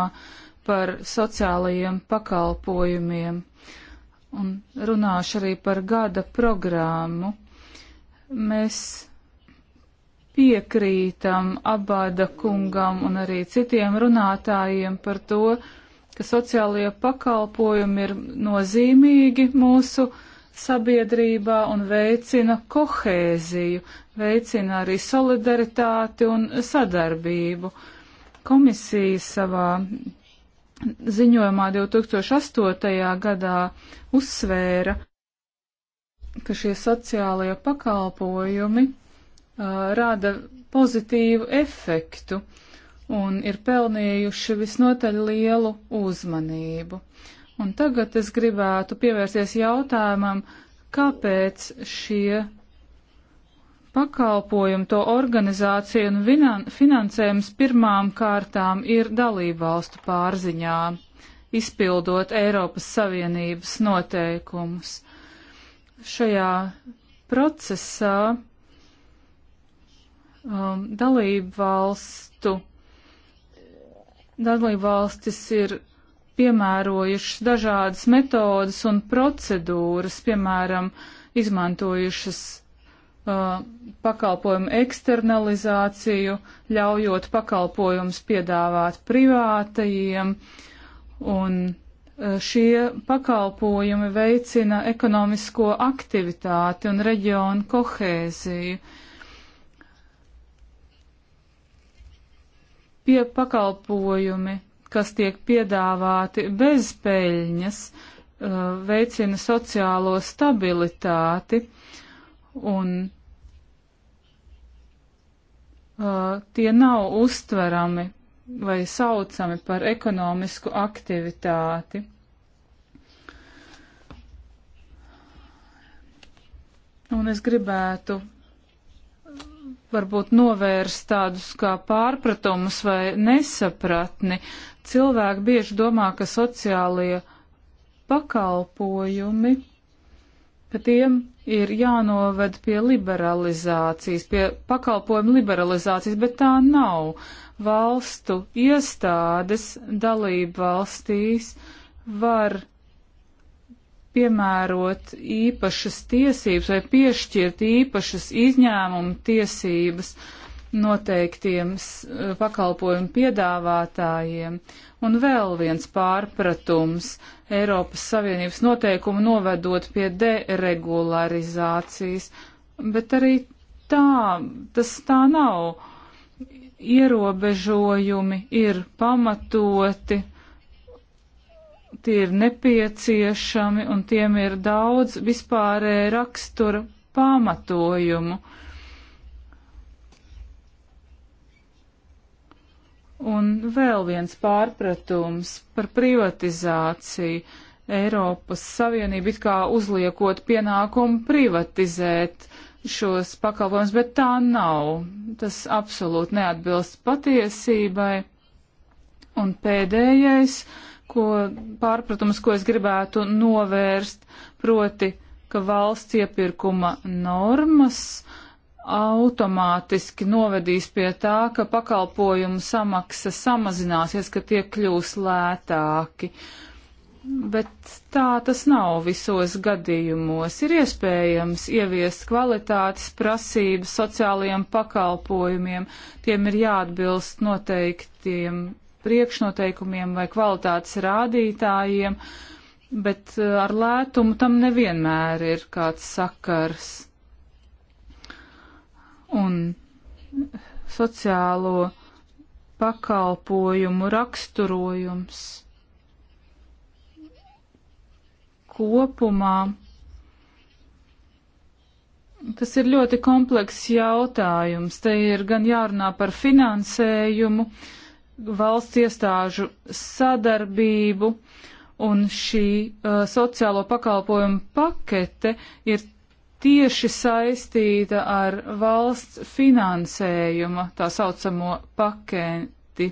par sociālajiem pakalpojumiem un runāšu arī par gada programmu. Mēs piekrītam Abāda kungam un arī citiem runātājiem par to, ka sociālajie pakalpojumi ir nozīmīgi mūsu sabiedrībā un veicina kohēziju, veicina arī solidaritāti un sadarbību. Komisija savā ziņojumā 2008. gadā uzsvēra, ka šie sociālie pakalpojumi uh, rada pozitīvu efektu un ir pelnījuši visnotaļ lielu uzmanību. Un tagad es gribētu pievērsties jautājumam, kāpēc šie pakalpojumu, to organizāciju un finansējums pirmām kārtām ir dalībvalstu pārziņā, izpildot Eiropas Savienības noteikumus. Šajā procesā um, dalībvalstu, dalībvalstis ir piemērojušas dažādas metodas un procedūras, piemēram, izmantojušas Uh, pakalpojumu eksternalizāciju, ļaujot pakalpojumus piedāvāt privātajiem, un uh, šie pakalpojumi veicina ekonomisko aktivitāti un reģionu kohēziju. Pie pakalpojumi, kas tiek piedāvāti bez peļņas, uh, veicina sociālo stabilitāti un uh, tie nav uztverami vai saucami par ekonomisku aktivitāti. Un es gribētu uh, varbūt novērst tādus kā pārpratumus vai nesapratni. Cilvēki bieži domā, ka sociālie pakalpojumi ka tiem ir jānoved pie liberalizācijas, pie pakalpojumu liberalizācijas, bet tā nav. Valstu iestādes dalību valstīs var piemērot īpašas tiesības vai piešķirt īpašas izņēmumu tiesības noteiktiem eh, pakalpojumu piedāvātājiem. Un vēl viens pārpratums Eiropas Savienības noteikumu novedot pie deregularizācijas, bet arī tā, tas tā nav. Ierobežojumi ir pamatoti, tie ir nepieciešami un tiem ir daudz vispārēja rakstura pamatojumu. Uh, Un vēl viens pārpratums par privatizāciju. Eiropas Savienība it kā uzliekot pienākumu privatizēt šos pakalpojumus, bet tā nav. Tas absolūti neatbilst patiesībai. Un pēdējais, ko pārpratums, ko es gribētu novērst, proti, ka valsts iepirkuma normas uh, automātiski novedīs pie tā, ka pakalpojumu samaksa samazināsies, ka tie kļūs lētāki. Bet tā tas nav visos gadījumos. Ir iespējams ieviest kvalitātes prasības sociālajiem pakalpojumiem, tiem ir jāatbilst noteiktiem priekšnoteikumiem vai kvalitātes rādītājiem, bet eh, ar lētumu tam nevienmēr ir kāds sakars un sociālo pakalpojumu raksturojums kopumā. Tas ir ļoti komplekss jautājums. Te ir gan jārunā par finansējumu, valsts iestāžu sadarbību, un šī uh, sociālo pakalpojumu pakete ir tieši saistīta ar valsts finansējuma tā saucamo paketi.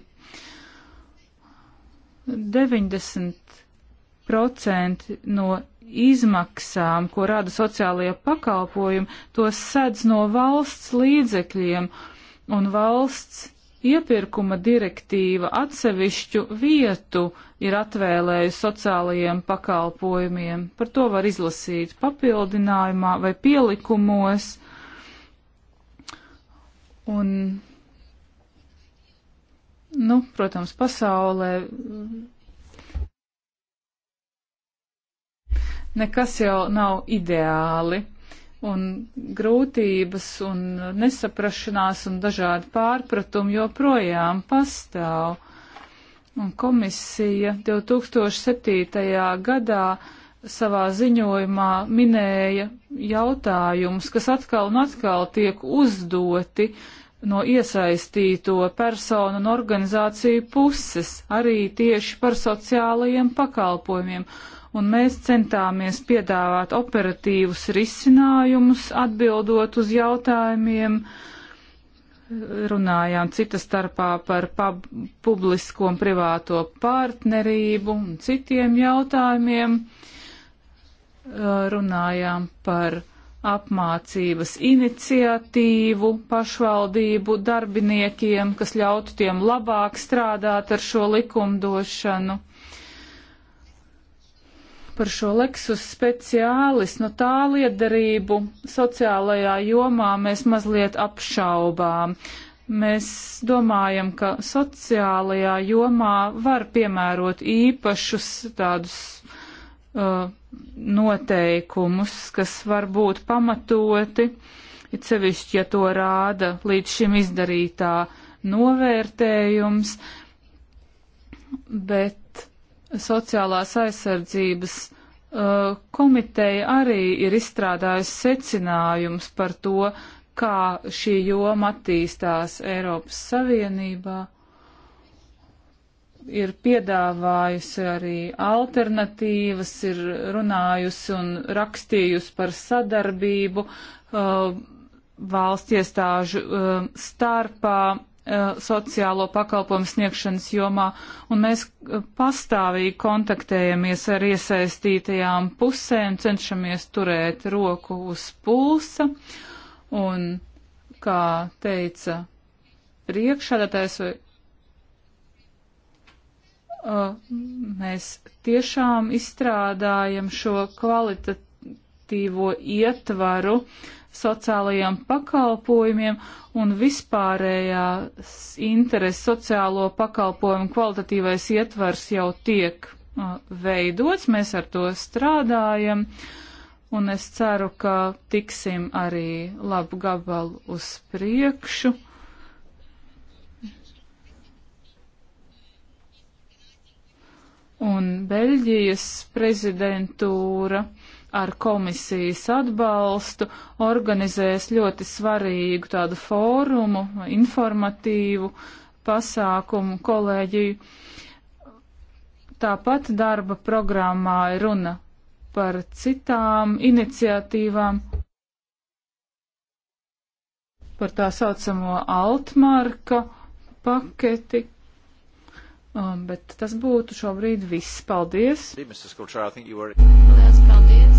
90% no izmaksām, ko rada sociālajie pakalpojumi, tos sedz no valsts līdzekļiem, un valsts Iepirkuma direktīva atsevišķu vietu ir atvēlējusi sociālajiem pakalpojumiem. Par to var izlasīt papildinājumā vai pielikumos. Un, nu, protams, pasaulē nekas jau nav ideāli un grūtības un nesaprašanās un dažādi pārpratumi joprojām pastāv. Un komisija 2007. gadā savā ziņojumā minēja jautājumus, kas atkal un atkal tiek uzdoti no iesaistīto personu un organizāciju puses, arī tieši par sociālajiem pakalpojumiem un mēs centāmies piedāvāt operatīvus risinājumus, atbildot uz jautājumiem. Runājām cita starpā par pub, publisko un privāto partnerību un citiem jautājumiem. Runājām par apmācības iniciatīvu pašvaldību darbiniekiem, kas ļautu tiem labāk strādāt ar šo likumdošanu par šo leksus speciālis, nu no tā liederību sociālajā jomā mēs mazliet apšaubām. Mēs domājam, ka sociālajā jomā var piemērot īpašus tādus uh, noteikumus, kas var būt pamatoti, it sevišķi, ja to rāda līdz šim izdarītā novērtējums, bet sociālās aizsardzības uh, komiteja arī ir izstrādājusi secinājums par to, kā šī joma attīstās Eiropas Savienībā. Ir piedāvājusi arī alternatīvas, ir runājusi un rakstījusi par sadarbību uh, valsts iestāžu uh, starpā Uh, sociālo pakalpojumu sniegšanas jomā, un mēs uh, pastāvīgi kontaktējamies ar iesaistītajām pusēm, cenšamies turēt roku uz pulsa, un, kā teica priekšādātājs, uh, mēs tiešām izstrādājam šo kvalitatīvo ietvaru, uh, sociālajiem pakalpojumiem un vispārējās interesi sociālo pakalpojumu kvalitatīvais ietvers jau tiek uh, veidots, mēs ar to strādājam, un es ceru, ka tiksim arī labu gabalu uz priekšu. Un Beļģijas prezidentūra ar komisijas atbalstu organizēs ļoti svarīgu tādu fórumu, informatīvu pasākumu kolēģiju. Tāpat darba programmā ir runa par citām iniciatīvām, par tā saucamo altmarka paketi. Um, bet tas būtu šobrīd viss. Paldies! Lielas paldies!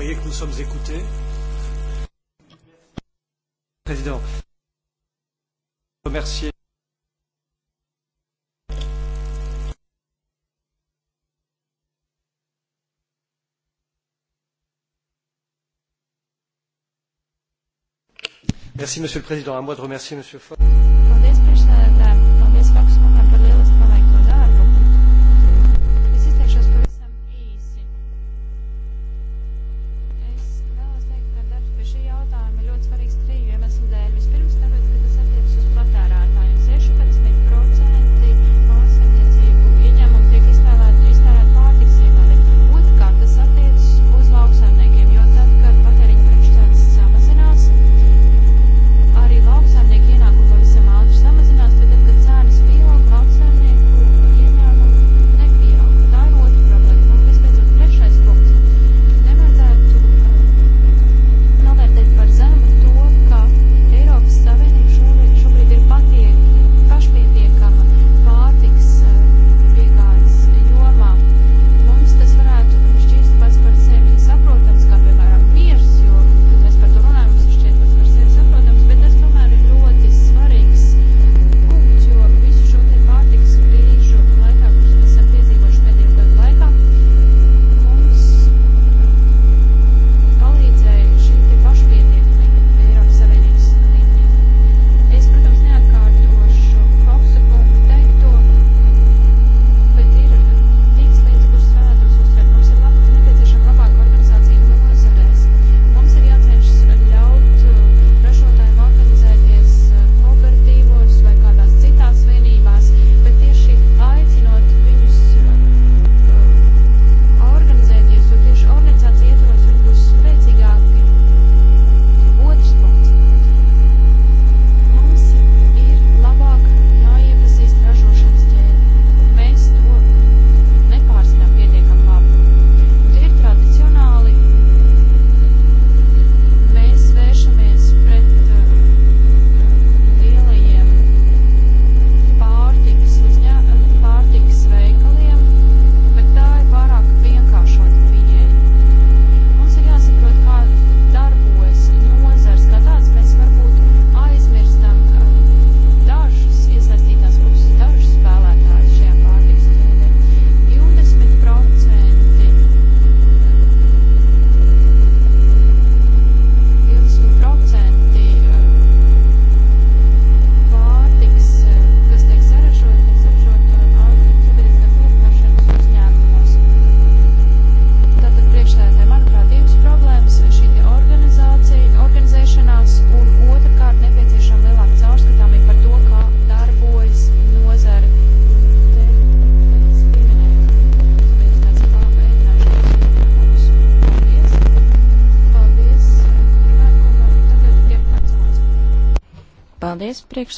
croyez que nous sommes écoutés Président, remercier. Merci Monsieur le Président. À moi de remercier Monsieur Fox.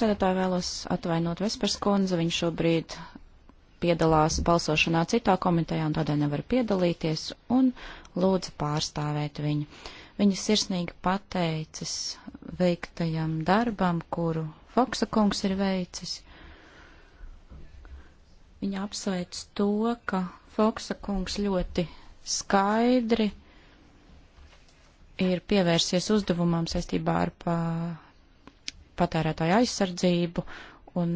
priekšsēdētāju vēlos atvainot Vespers kundze, viņš šobrīd piedalās balsošanā citā komitejā un tādēļ nevar piedalīties un lūdza pārstāvēt viņu. Viņa sirsnīgi pateicis veiktajam darbam, kuru Foksa kungs ir veicis. Viņa apsveic to, ka Foksa kungs ļoti skaidri ir pievērsies uzdevumam saistībā ar patērētāju aizsardzību un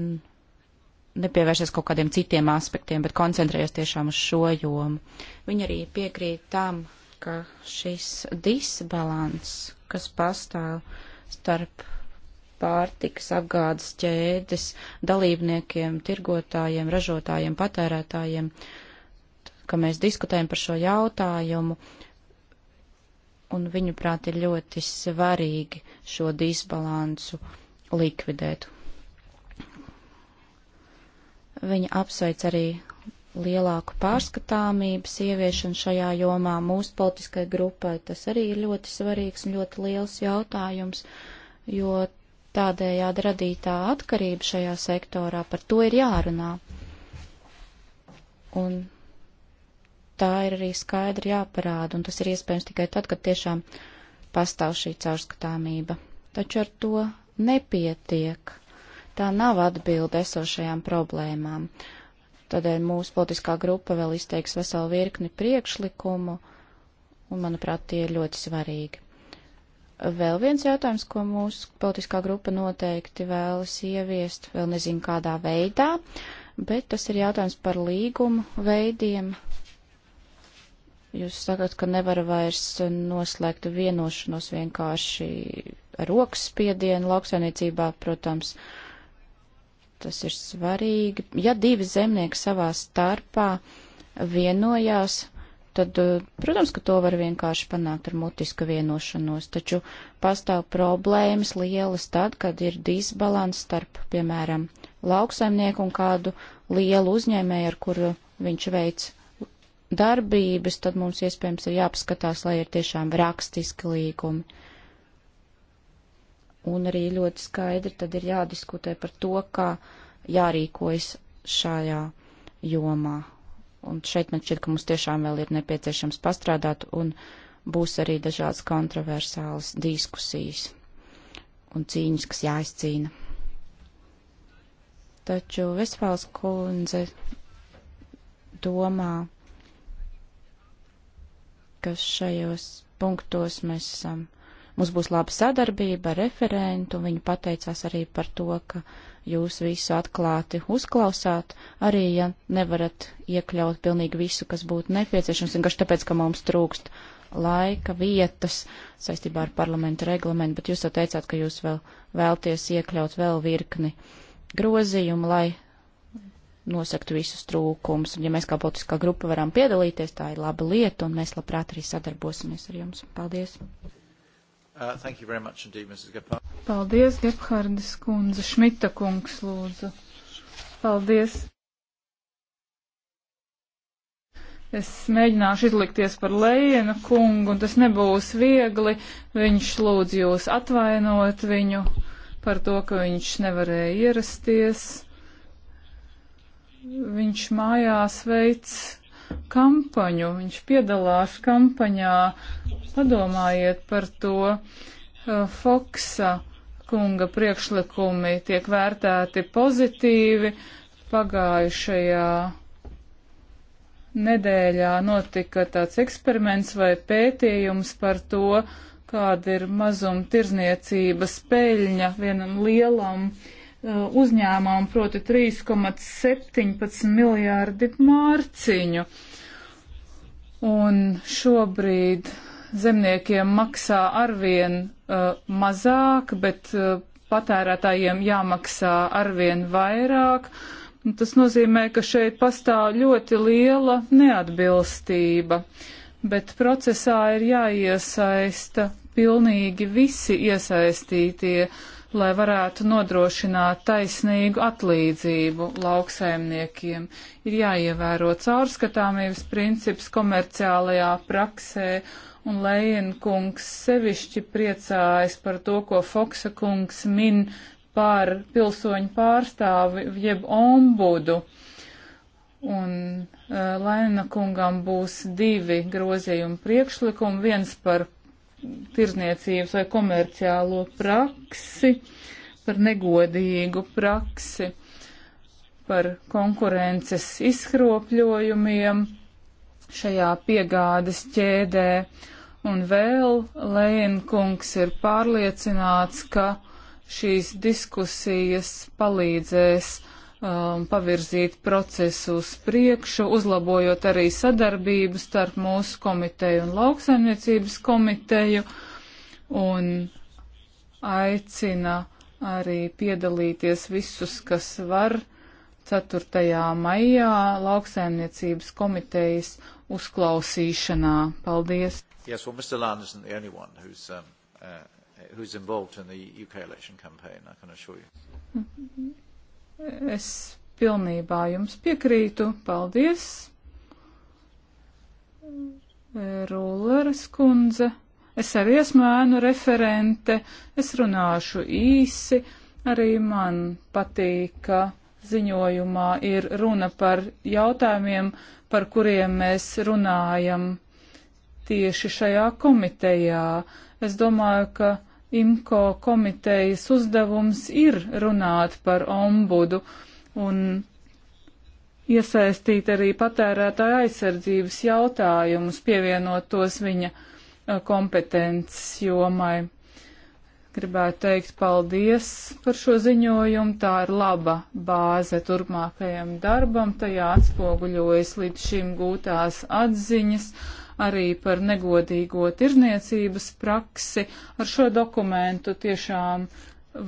nepievēršies kaut kādiem citiem aspektiem, bet koncentrējies tiešām uz šo jomu. Viņa arī piekrīt tam, ka šis disbalans, kas pastāv starp pārtikas apgādes ķēdes dalībniekiem, tirgotājiem, ražotājiem, patērētājiem, ka mēs diskutējam par šo jautājumu, un viņuprāt ir ļoti svarīgi šo disbalansu likvidēt. Viņa apsveic arī lielāku pārskatāmības ieviešanu šajā jomā mūsu politiskai grupai. Tas arī ir ļoti svarīgs un ļoti liels jautājums, jo tādējādi radītā atkarība šajā sektorā par to ir jārunā. Un tā ir arī skaidri jāparāda, un tas ir iespējams tikai tad, kad tiešām pastāv šī caurskatāmība. Taču ar to nepietiek. Tā nav atbilde esošajām problēmām. Tādēļ mūsu politiskā grupa vēl izteiks veselu virkni priekšlikumu, un, manuprāt, tie ir ļoti svarīgi. Vēl viens jautājums, ko mūsu politiskā grupa noteikti vēlas ieviest, vēl nezinu kādā veidā, bet tas ir jautājums par līgumu veidiem. Jūs sakat, ka nevar vairs noslēgt vienošanos vienkārši rokas spiedienu lauksainiecībā, protams, tas ir svarīgi. Ja divi zemnieki savā starpā vienojās, tad, eh, protams, ka to var vienkārši panākt ar mutisku vienošanos, taču pastāv problēmas lielas tad, kad ir disbalans starp, piemēram, lauksaimnieku un kādu lielu uzņēmēju, ar kuru viņš veic darbības, tad mums iespējams ir jāpaskatās, lai ir tiešām rakstiski līgumi un arī ļoti skaidri tad ir jādiskutē par to, kā jārīkojas šajā jomā. Un šeit man šķiet, ka mums tiešām vēl ir nepieciešams pastrādāt un būs arī dažādas kontroversālas diskusijas un cīņas, kas jāizcīna. Taču Vesfāls kundze domā, ka šajos punktos mēs esam um, Mums būs laba sadarbība ar referentu, viņa pateicās arī par to, ka jūs visu atklāti uzklausāt, arī ja nevarat iekļaut pilnīgi visu, kas būtu nepieciešams, vienkārši tāpēc, ka mums trūkst laika, vietas saistībā ar parlamentu reglamentu, bet jūs jau teicāt, ka jūs vēl vēlties iekļaut vēl virkni grozījumu, lai nosakt visus trūkumus. Ja mēs kā politiskā grupa varam piedalīties, tā ir laba lieta, un mēs labprāt arī sadarbosimies ar jums. Paldies! Uh, thank you very much indeed, Mrs. Gephardt. Paldies, Gephardas kundze. Šmita kungs, lūdzu. Paldies. Es mēģināšu izlikties par Lējena kungu, un tas nebūs viegli. Viņš lūdz jūs atvainot viņu par to, ka viņš nevarēja ierasties. Viņš mājās veids kampaņu, viņš piedalās kampaņā, padomājiet par to, uh, Foksa kunga priekšlikumi tiek vērtēti pozitīvi. Pagājušajā nedēļā notika tāds eksperiments vai pētījums par to, kāda ir mazumtirdzniecības peļņa vienam lielam uh, Uh, uzņēmām, proti 3,17 miljārdi mārciņu. Un šobrīd zemniekiem maksā arvien uh, mazāk, bet uh, patērētājiem jāmaksā arvien vairāk. Tas nozīmē, ka šeit pastāv ļoti liela neatbilstība, bet procesā ir jāiesaista pilnīgi visi iesaistītie. Uh, lai varētu nodrošināt taisnīgu atlīdzību lauksaimniekiem. Ir jāievēro caurskatāmības princips komerciālajā praksē, un Lejenkungs sevišķi priecājas par to, ko Foksa kungs min par pilsoņu pārstāvi jeb ombudu. Un uh, eh, Laina kungam būs divi grozījumi priekšlikumi, viens par tirzniecības vai komerciālo praksi, par negodīgu praksi, par konkurences izskropļojumiem šajā piegādes ķēdē. Un vēl Lēnkungs ir pārliecināts, ka šīs diskusijas palīdzēs um, pavirzīt procesu uz priekšu, uzlabojot arī sadarbību starp mūsu komiteju un lauksaimniecības komiteju un aicina arī piedalīties visus, kas var 4. maijā lauksaimniecības komitejas uzklausīšanā. Paldies! Yes, well, Mr. Land isn't the only one who's, um, uh, who's involved in the UK election campaign, I can assure you. Mm -hmm. Es pilnībā jums piekrītu. Paldies! Rūleres kundze. Es arī esmu ēnu referente. Es runāšu īsi. Arī man patīk, ka ziņojumā ir runa par jautājumiem, par kuriem mēs runājam tieši šajā komitejā. Es domāju, ka IMCO komitejas uzdevums ir runāt par ombudu un iesaistīt arī patērētāju aizsardzības jautājumus, pievienot tos viņa eh, kompetences jomai. Gribētu teikt paldies par šo ziņojumu. Tā ir laba bāze turpmākajam darbam. Tajā atspoguļojas līdz šim gūtās atziņas arī par negodīgo tirzniecības praksi. Ar šo dokumentu tiešām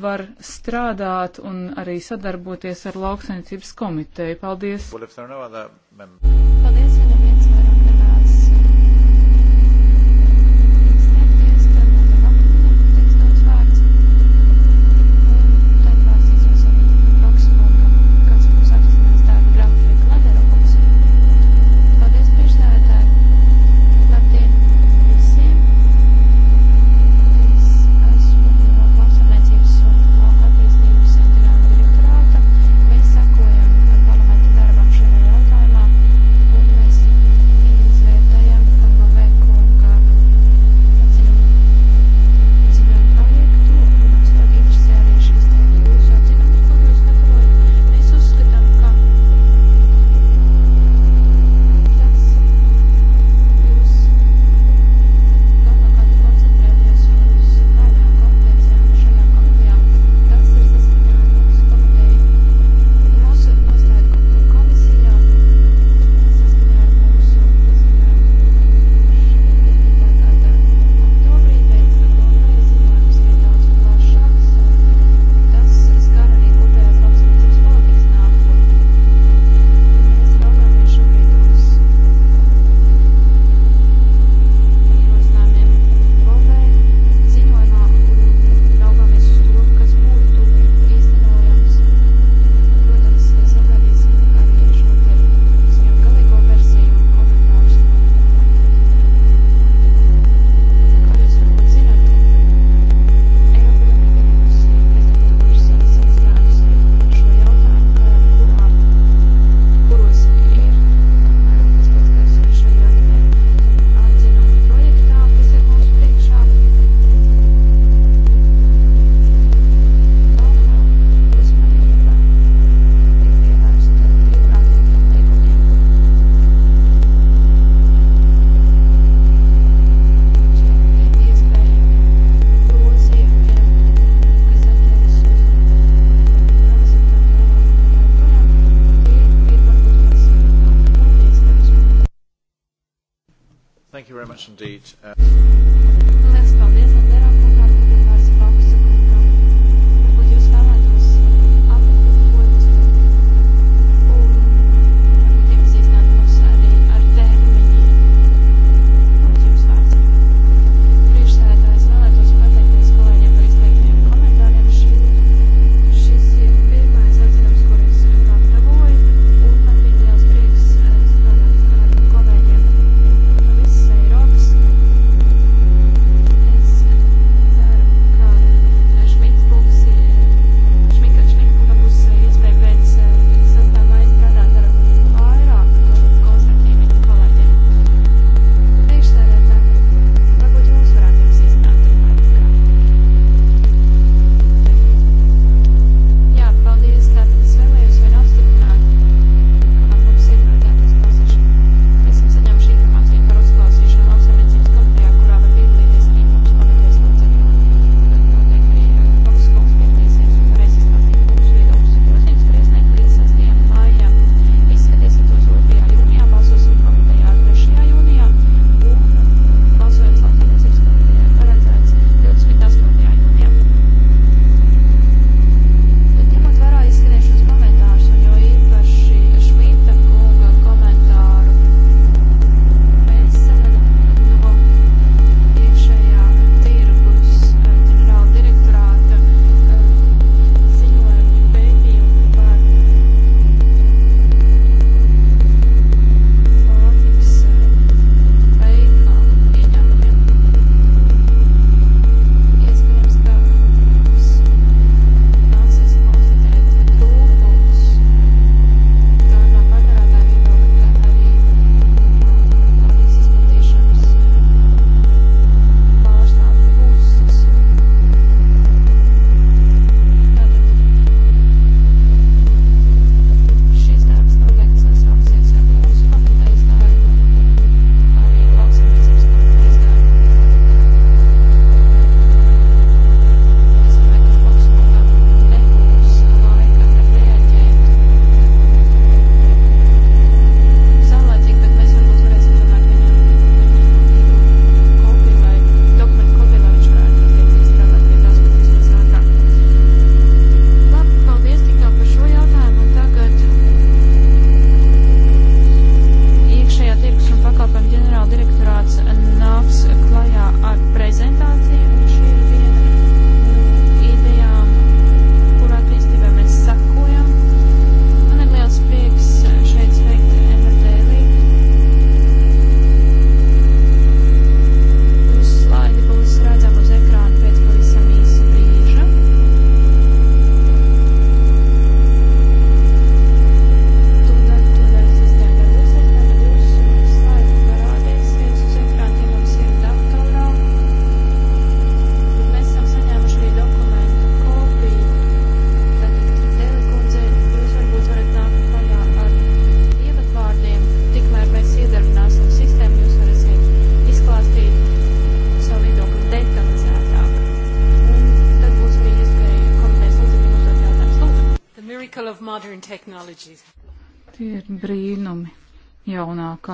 var strādāt un arī sadarboties ar lauksaimniecības komiteju. Paldies! Paldies!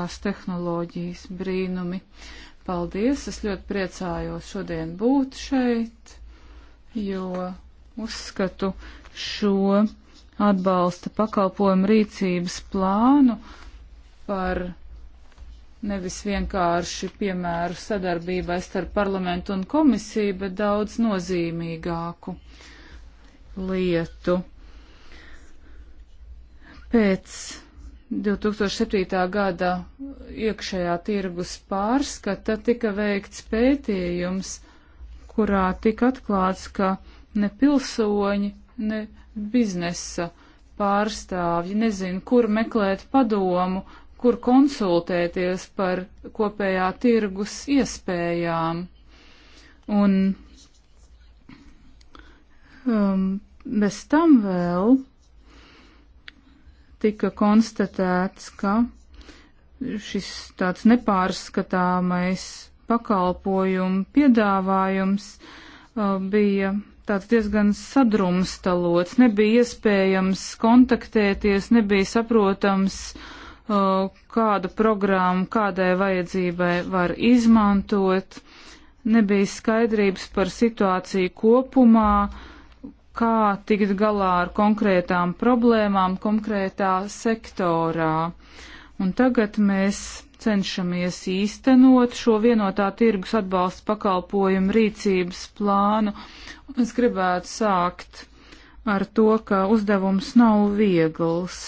jaunās tehnoloģijas brīnumi. Paldies! Es ļoti priecājos šodien būt šeit, jo uzskatu šo atbalsta pakalpojumu rīcības plānu par nevis vienkārši piemēru sadarbībai starp parlamentu un komisiju, bet daudz nozīmīgāku lietu. Pēc 2007. gada iekšējā tirgus pārskata tika veikts pētījums, kurā tika atklāts, ka ne pilsoņi, ne biznesa pārstāvji nezin, kur meklēt padomu, kur konsultēties par kopējā tirgus iespējām. Un um, bez tam vēl tika konstatēts, ka šis tāds nepārskatāmais pakalpojumu piedāvājums uh, bija tāds diezgan sadrumstalots, nebija iespējams kontaktēties, nebija saprotams, uh, kādu programmu kādai vajadzībai var izmantot, nebija skaidrības par situāciju kopumā, kā tikt galā ar konkrētām problēmām konkrētā sektorā. Un tagad mēs cenšamies īstenot šo vienotā tirgus atbalsta pakalpojumu rīcības plānu. Es gribētu sākt ar to, ka uzdevums nav viegls.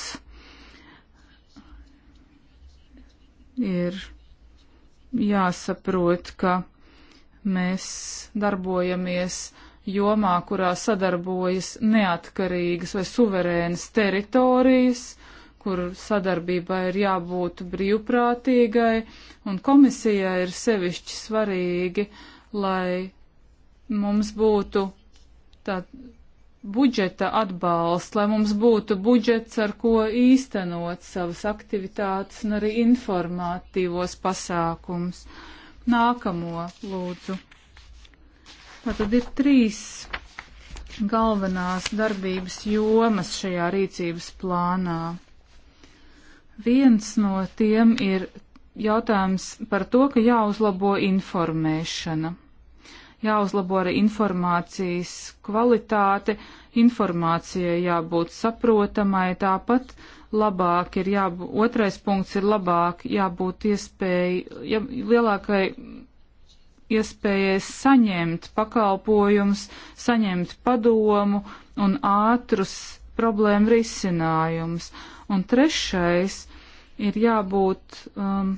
Ir jāsaprot, ka mēs darbojamies jomā, kurā sadarbojas neatkarīgas vai suverēnas teritorijas, kur sadarbībai ir jābūt brīvprātīgai, un komisijai ir sevišķi svarīgi, lai mums būtu tā budžeta atbalsts, lai mums būtu budžets, ar ko īstenot savas aktivitātes un arī informatīvos pasākums. Nākamo lūdzu. Tātad ir trīs galvenās darbības jomas šajā rīcības plānā. Viens no tiem ir jautājums par to, ka jāuzlabo informēšana. Jāuzlabo arī informācijas kvalitāte, informācijai jābūt saprotamai, tāpat labāk ir jābūt, otrais punkts ir labāk jābūt iespēja, ja, lielākai iespējai saņemt pakalpojumus, saņemt padomu un ātrus problēmu risinājumus. Un trešais ir jābūt um,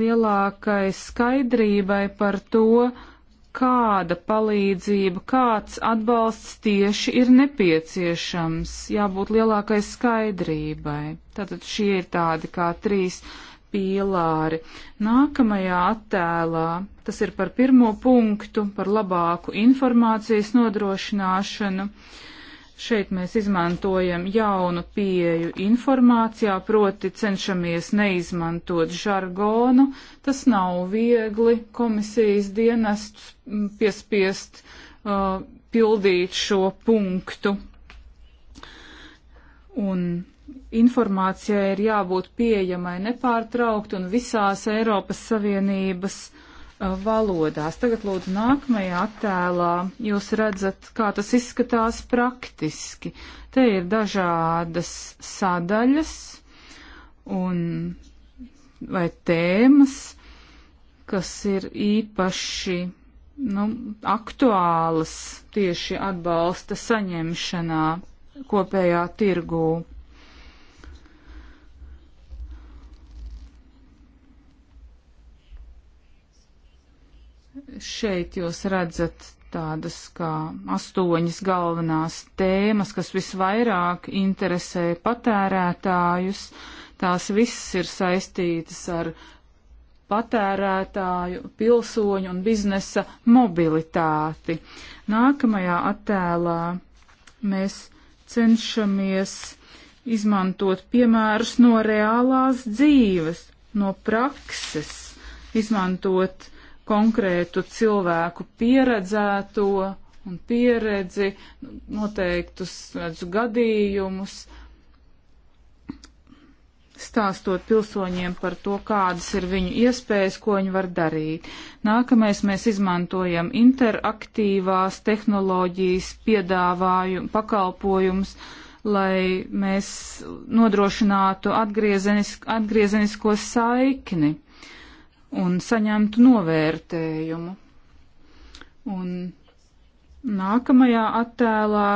lielākai skaidrībai par to, kāda palīdzība, kāds atbalsts tieši ir nepieciešams, jābūt lielākai skaidrībai. Tātad šie ir tādi kā trīs pīlāri. Nākamajā attēlā tas ir par pirmo punktu, par labāku informācijas nodrošināšanu. Šeit mēs izmantojam jaunu pieju informācijā, proti cenšamies neizmantot žargonu. Tas nav viegli komisijas dienestus piespiest uh, pildīt šo punktu. Un informācijai ir jābūt pieejamai nepārtraukt un visās Eiropas Savienības uh, valodās. Tagad lūdzu nākamajā attēlā jūs redzat, kā tas izskatās praktiski. Te ir dažādas sadaļas un vai tēmas, kas ir īpaši nu, aktuālas tieši atbalsta saņemšanā kopējā tirgū. Šeit jūs redzat tādas kā astoņas galvenās tēmas, kas visvairāk interesē patērētājus. Tās visas ir saistītas ar patērētāju, pilsoņu un biznesa mobilitāti. Nākamajā attēlā mēs cenšamies izmantot piemērus no reālās dzīves, no prakses, izmantot konkrētu cilvēku pieredzēto un pieredzi, noteiktus gadījumus, stāstot pilsoņiem par to, kādas ir viņu iespējas, ko viņi var darīt. Nākamais mēs izmantojam interaktīvās tehnoloģijas piedāvājumu, pakalpojumus, lai mēs nodrošinātu atgriezenisko saikni un saņemtu novērtējumu. Un nākamajā attēlā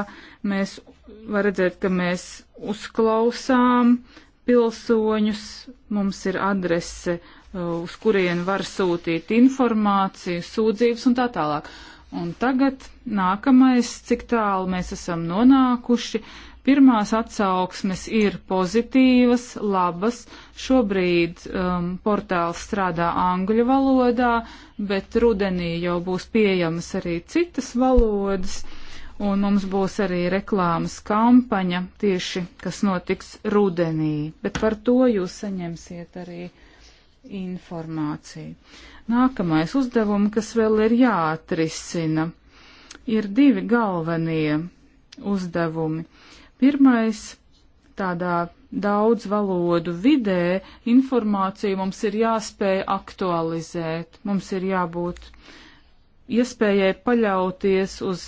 mēs var redzēt, ka mēs uzklausām pilsoņus, mums ir adrese, uh, uz kurien var sūtīt informāciju, sūdzības un tā tālāk. Un tagad nākamais, cik tālu mēs esam nonākuši, uh, Pirmās atsauksmes ir pozitīvas, labas. Šobrīd um, portāls strādā angļu valodā, bet rudenī jau būs pieejamas arī citas valodas. Un mums būs arī reklāmas kampaņa tieši, kas notiks rudenī. Bet par to jūs saņemsiet arī informāciju. Nākamais uzdevums, kas vēl ir jāatrisina, ir divi galvenie uzdevumi. Uh, Pirmais, tādā daudz valodu vidē informāciju mums ir jāspēj aktualizēt, mums ir jābūt iespējai paļauties uz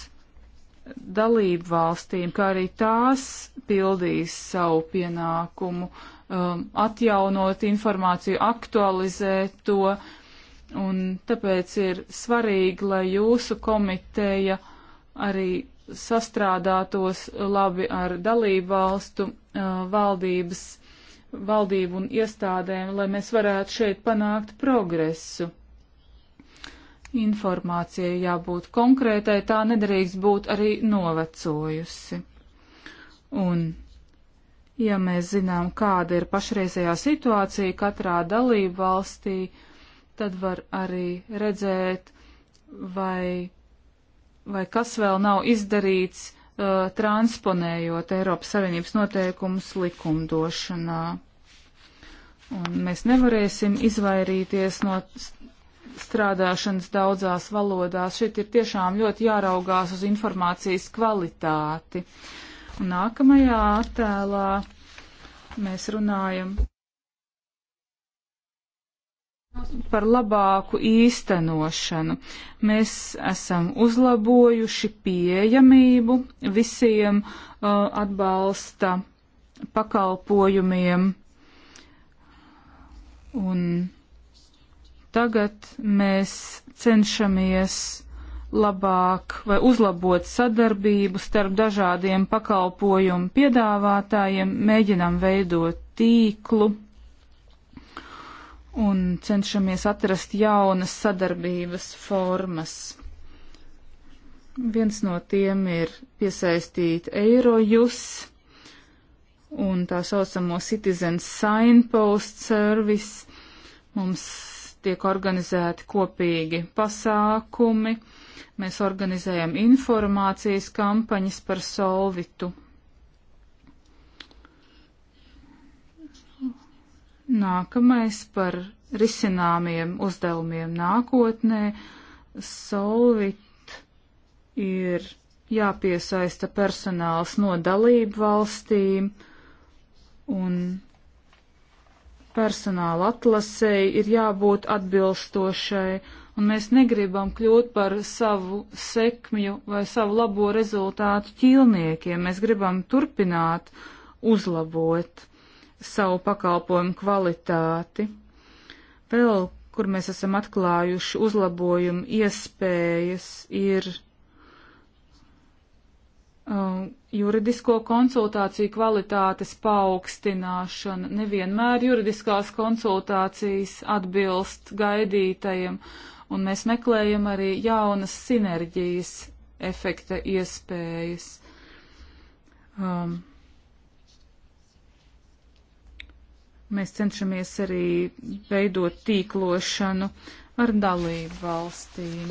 dalību valstīm, kā arī tās pildīs savu pienākumu, um, atjaunot informāciju, aktualizēt to, un tāpēc ir svarīgi, lai jūsu komiteja arī sastrādātos labi ar dalību valstu uh, valdības, valdību un iestādēm, lai mēs varētu šeit panākt progresu. Informācija jābūt konkrētai, tā nedrīkst būt arī novecojusi. Un, ja mēs zinām, kāda ir pašreizējā situācija katrā dalību valstī, tad var arī redzēt, vai vai kas vēl nav izdarīts uh, transponējot Eiropas Savienības noteikumus likumdošanā. Un mēs nevarēsim izvairīties no strādāšanas daudzās valodās. Šeit ir tiešām ļoti jāraugās uz informācijas kvalitāti. Un nākamajā attēlā mēs runājam par labāku īstenošanu. Mēs esam uzlabojuši pieejamību visiem uh, atbalsta pakalpojumiem. Un tagad mēs cenšamies labāk vai uzlabot sadarbību starp dažādiem pakalpojumu piedāvātājiem, mēģinam veidot tīklu un cenšamies atrast jaunas sadarbības formas. Viens no tiem ir piesaistīt Eirojus un tā saucamo Citizen Signpost Service. Mums tiek organizēti kopīgi pasākumi. Mēs organizējam informācijas kampaņas par solvitu Nākamais par risināmiem uzdevumiem nākotnē. Solvit ir jāpiesaista personāls no dalību valstīm un personāla atlasēji ir jābūt atbilstošai, un mēs negribam kļūt par savu sekmju vai savu labo rezultātu ķīlniekiem. Mēs gribam turpināt uzlabot savu pakalpojumu kvalitāti. Vēl, kur mēs esam atklājuši uzlabojumu iespējas, ir uh, juridisko konsultāciju kvalitātes paaugstināšana. Nevienmēr juridiskās konsultācijas atbilst gaidītajiem, un mēs meklējam arī jaunas sinerģijas efekta iespējas. Um, Mēs cenšamies arī veidot tīklošanu ar dalību valstīm.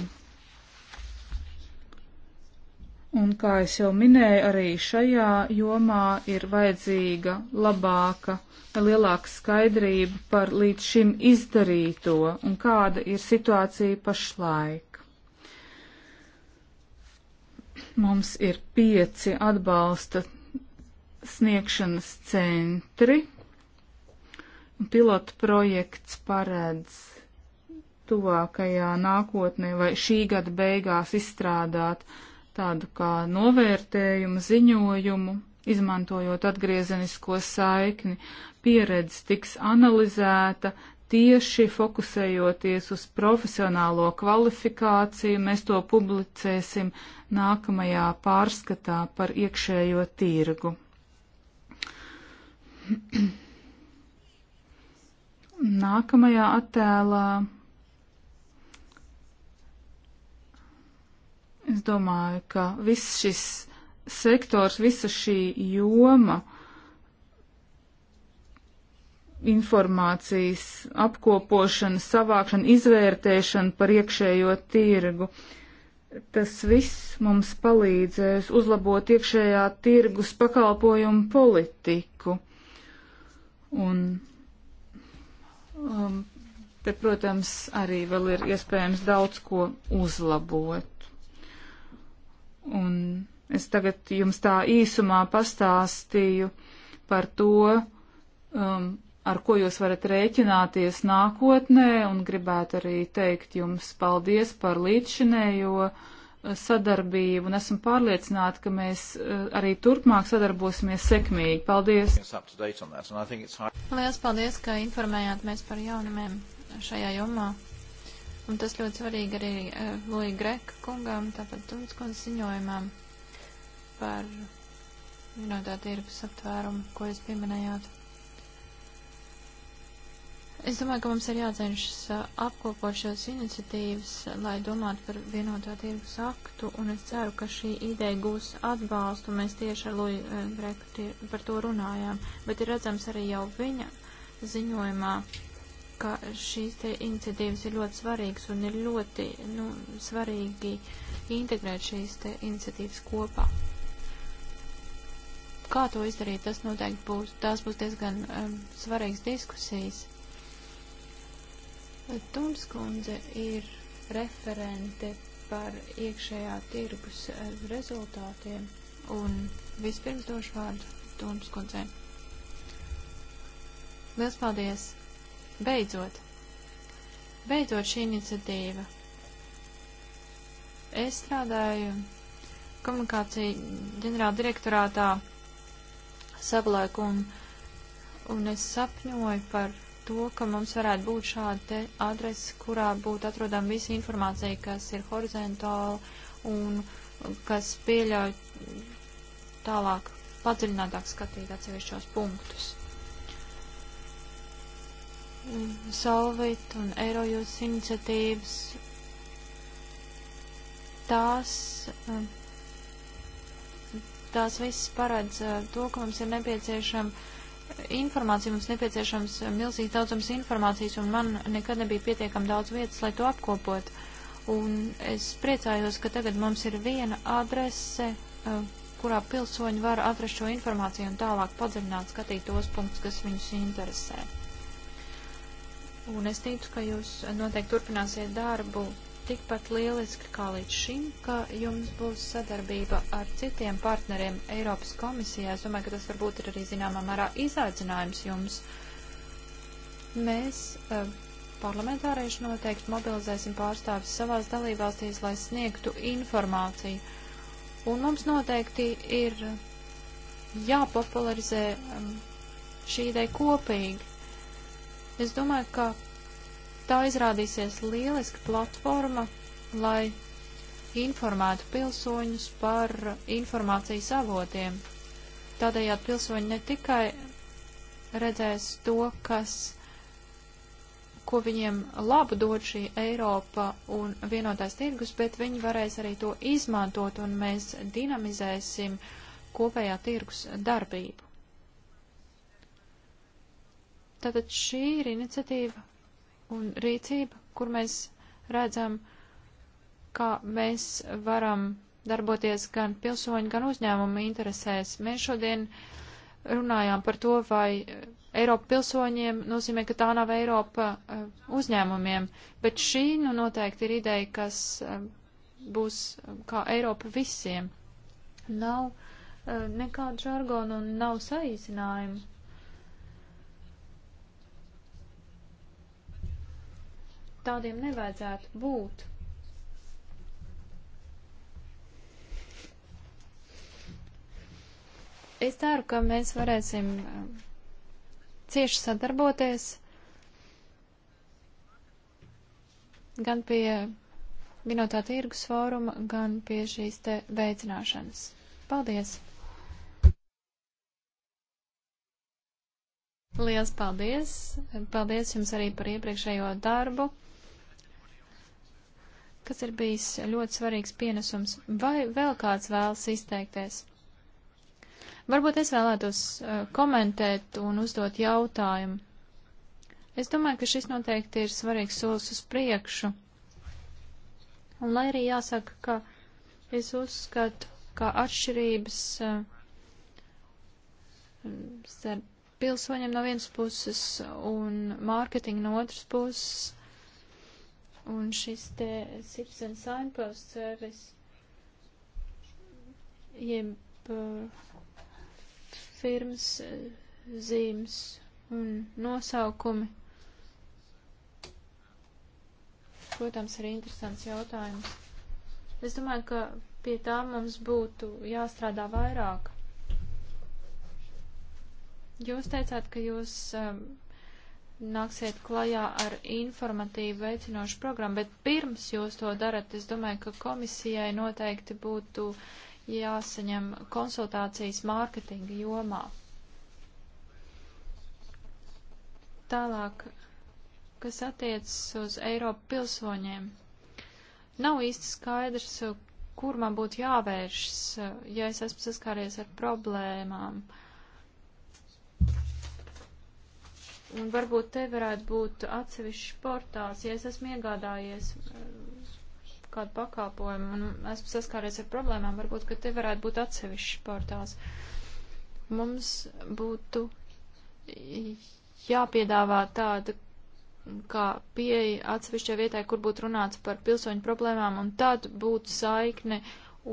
Un, kā es jau minēju, arī šajā jomā ir vajadzīga labāka, lielāka skaidrība par līdz šim izdarīto un kāda ir situācija pašlaik. Mums ir pieci atbalsta sniegšanas centri Pilota projekts paredz tuvākajā nākotnē vai šī gada beigās izstrādāt tādu kā novērtējumu, ziņojumu, izmantojot atgriezenisko saikni. Pieredze tiks analizēta, tieši fokusējoties uz profesionālo kvalifikāciju, mēs to publicēsim nākamajā pārskatā par iekšējo tirgu. [CLEARS THROAT] Nākamajā attēlā es domāju, ka viss šis sektors, visa šī joma informācijas apkopošana, savākšana, izvērtēšana par iekšējo tirgu. Tas viss mums palīdzēs uzlabot iekšējā tirgus pakalpojumu politiku. Un Um, te, protams, arī vēl ir iespējams daudz ko uzlabot. Un es tagad jums tā īsumā pastāstīju par to, um, ar ko jūs varat rēķināties nākotnē, un gribētu arī teikt jums paldies par līdzšinējo sadarbību un esmu pārliecināta, ka mēs eh, arī turpmāk sadarbosimies sekmīgi. Paldies! Lielas paldies, ka informējāt mēs par jaunumiem šajā jomā. Un tas ļoti svarīgi arī uh, eh, Lūija Greka kungām, tāpat Tunskundas ziņojumam par vienotā tirgus aptvērumu, ko jūs pieminējāt. Es domāju, ka mums ir jācenšas apkopot šos iniciatīvas, lai domātu par vienotā tirgus aktu, un es ceru, ka šī ideja gūs atbalstu. Mēs tieši ar Luju Greku par to runājām, bet ir redzams arī jau viņa ziņojumā, ka šīs te iniciatīvas ir ļoti svarīgas un ir ļoti nu, svarīgi integrēt šīs te iniciatīvas kopā kā to izdarīt, tas noteikti būs, tās būs diezgan um, svarīgas diskusijas. Tumskundze ir referente par iekšējā tirgus eh, rezultātiem un vispirms došu vārdu Tumskundzei. Liels paldies! Beidzot! Beidzot šī iniciatīva! Es strādāju komunikāciju ģenerāla direktorātā savulaik un, un es sapņoju par to, ka mums varētu būt šāda adrese, kurā būtu atrodama visa informācija, kas ir horizontāla un kas pieļauj tālāk padziļinātāk skatīt atsevišķos punktus. Solvit un Eirojūs iniciatīvas, tās, tās viss paredz eh, to, ka mums ir nepieciešama informāciju, mums nepieciešams milzīgs daudzums informācijas, un man nekad nebija pietiekam daudz vietas, lai to apkopot. Un es priecājos, ka tagad mums ir viena adrese, eh, kurā pilsoņi var atrast šo informāciju un tālāk padziļināt, skatīt tos punktus, kas viņus interesē. Un es ticu, ka jūs noteikti turpināsiet darbu tikpat lieliski kā līdz šim, ka jums būs sadarbība ar citiem partneriem Eiropas komisijā. Es domāju, ka tas varbūt ir arī zināmā mērā izaicinājums jums. Mēs e, parlamentārieši noteikti mobilizēsim pārstāvis savās dalībvalstīs, lai sniegtu informāciju. Un mums noteikti ir jāpopularizē šī ideja kopīgi. Es domāju, ka Tā izrādīsies lieliska platforma, lai informētu pilsoņus par informācijas avotiem. Tādējādi pilsoņi ne tikai redzēs to, kas, ko viņiem labu dod šī Eiropa un vienotais tirgus, bet viņi varēs arī to izmantot un mēs dinamizēsim kopējā tirgus darbību. Tātad šī ir iniciatīva, un rīcība, kur mēs redzam, kā mēs varam darboties gan pilsoņu, gan uzņēmumu interesēs. Mēs šodien runājām par to, vai Eiropa pilsoņiem nozīmē, ka tā nav Eiropa eh, uzņēmumiem, bet šī nu noteikti ir ideja, kas eh, būs eh, kā Eiropa visiem. Nav nekādu žargonu un nav saīsinājumu. tādiem nevajadzētu būt. Es ceru, ka mēs varēsim um, cieši sadarboties gan pie vienotā tirgus fóruma, gan pie šīs te veicināšanas. Paldies! Liels paldies! Paldies jums arī par iepriekšējo darbu! kas ir bijis ļoti svarīgs pienesums. Vai vēl kāds vēlas izteikties? Varbūt es vēlētos uh, komentēt un uzdot jautājumu. Es domāju, ka šis noteikti ir svarīgs solis uz priekšu. Un lai arī jāsaka, ka es uzskatu, ka atšķirības uh, starp pilsoņiem no vienas puses un mārketinga no otras puses Un šis te SIPS and signpost service, jeb uh, firmas uh, zīmes un nosaukumi, protams, ir interesants jautājums. Es domāju, ka pie tā mums būtu jāstrādā vairāk. Jūs teicāt, ka jūs um, nāksiet klajā ar informatīvu veicinošu programmu, bet pirms jūs to darat, es domāju, ka komisijai noteikti būtu jāsaņem konsultācijas mārketinga jomā. Tālāk, kas attiecas uz Eiropu pilsoņiem, nav īsti skaidrs, kur man būtu jāvēršas, ja es esmu saskāries ar problēmām. Uh, Un varbūt te varētu būt atsevišķi portāls, ja es esmu iegādājies eh, kādu pakāpojumu un esmu saskāries ar problēmām, varbūt, ka te varētu būt atsevišķi portāls. Mums būtu jāpiedāvā tāda kā pieeja atsevišķai vietai, kur būtu runāts par pilsoņu problēmām, un tad būtu saikne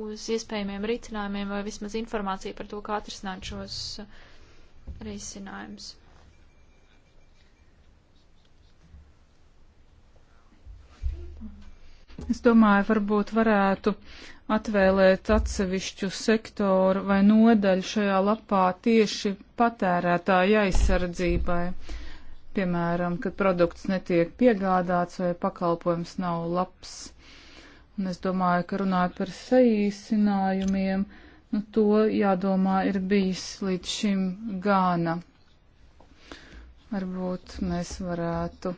uz iespējamiem risinājumiem vai vismaz informācija par to, kā atrisināt šos eh, risinājumus. Es domāju, varbūt varētu atvēlēt atsevišķu sektoru vai nodaļu šajā lapā tieši patērētāju aizsardzībai. Piemēram, kad produkts netiek piegādāts vai pakalpojums nav labs. Un es domāju, ka runājot par saīsinājumiem, nu to jādomā ir bijis līdz šim gāna. Varbūt mēs varētu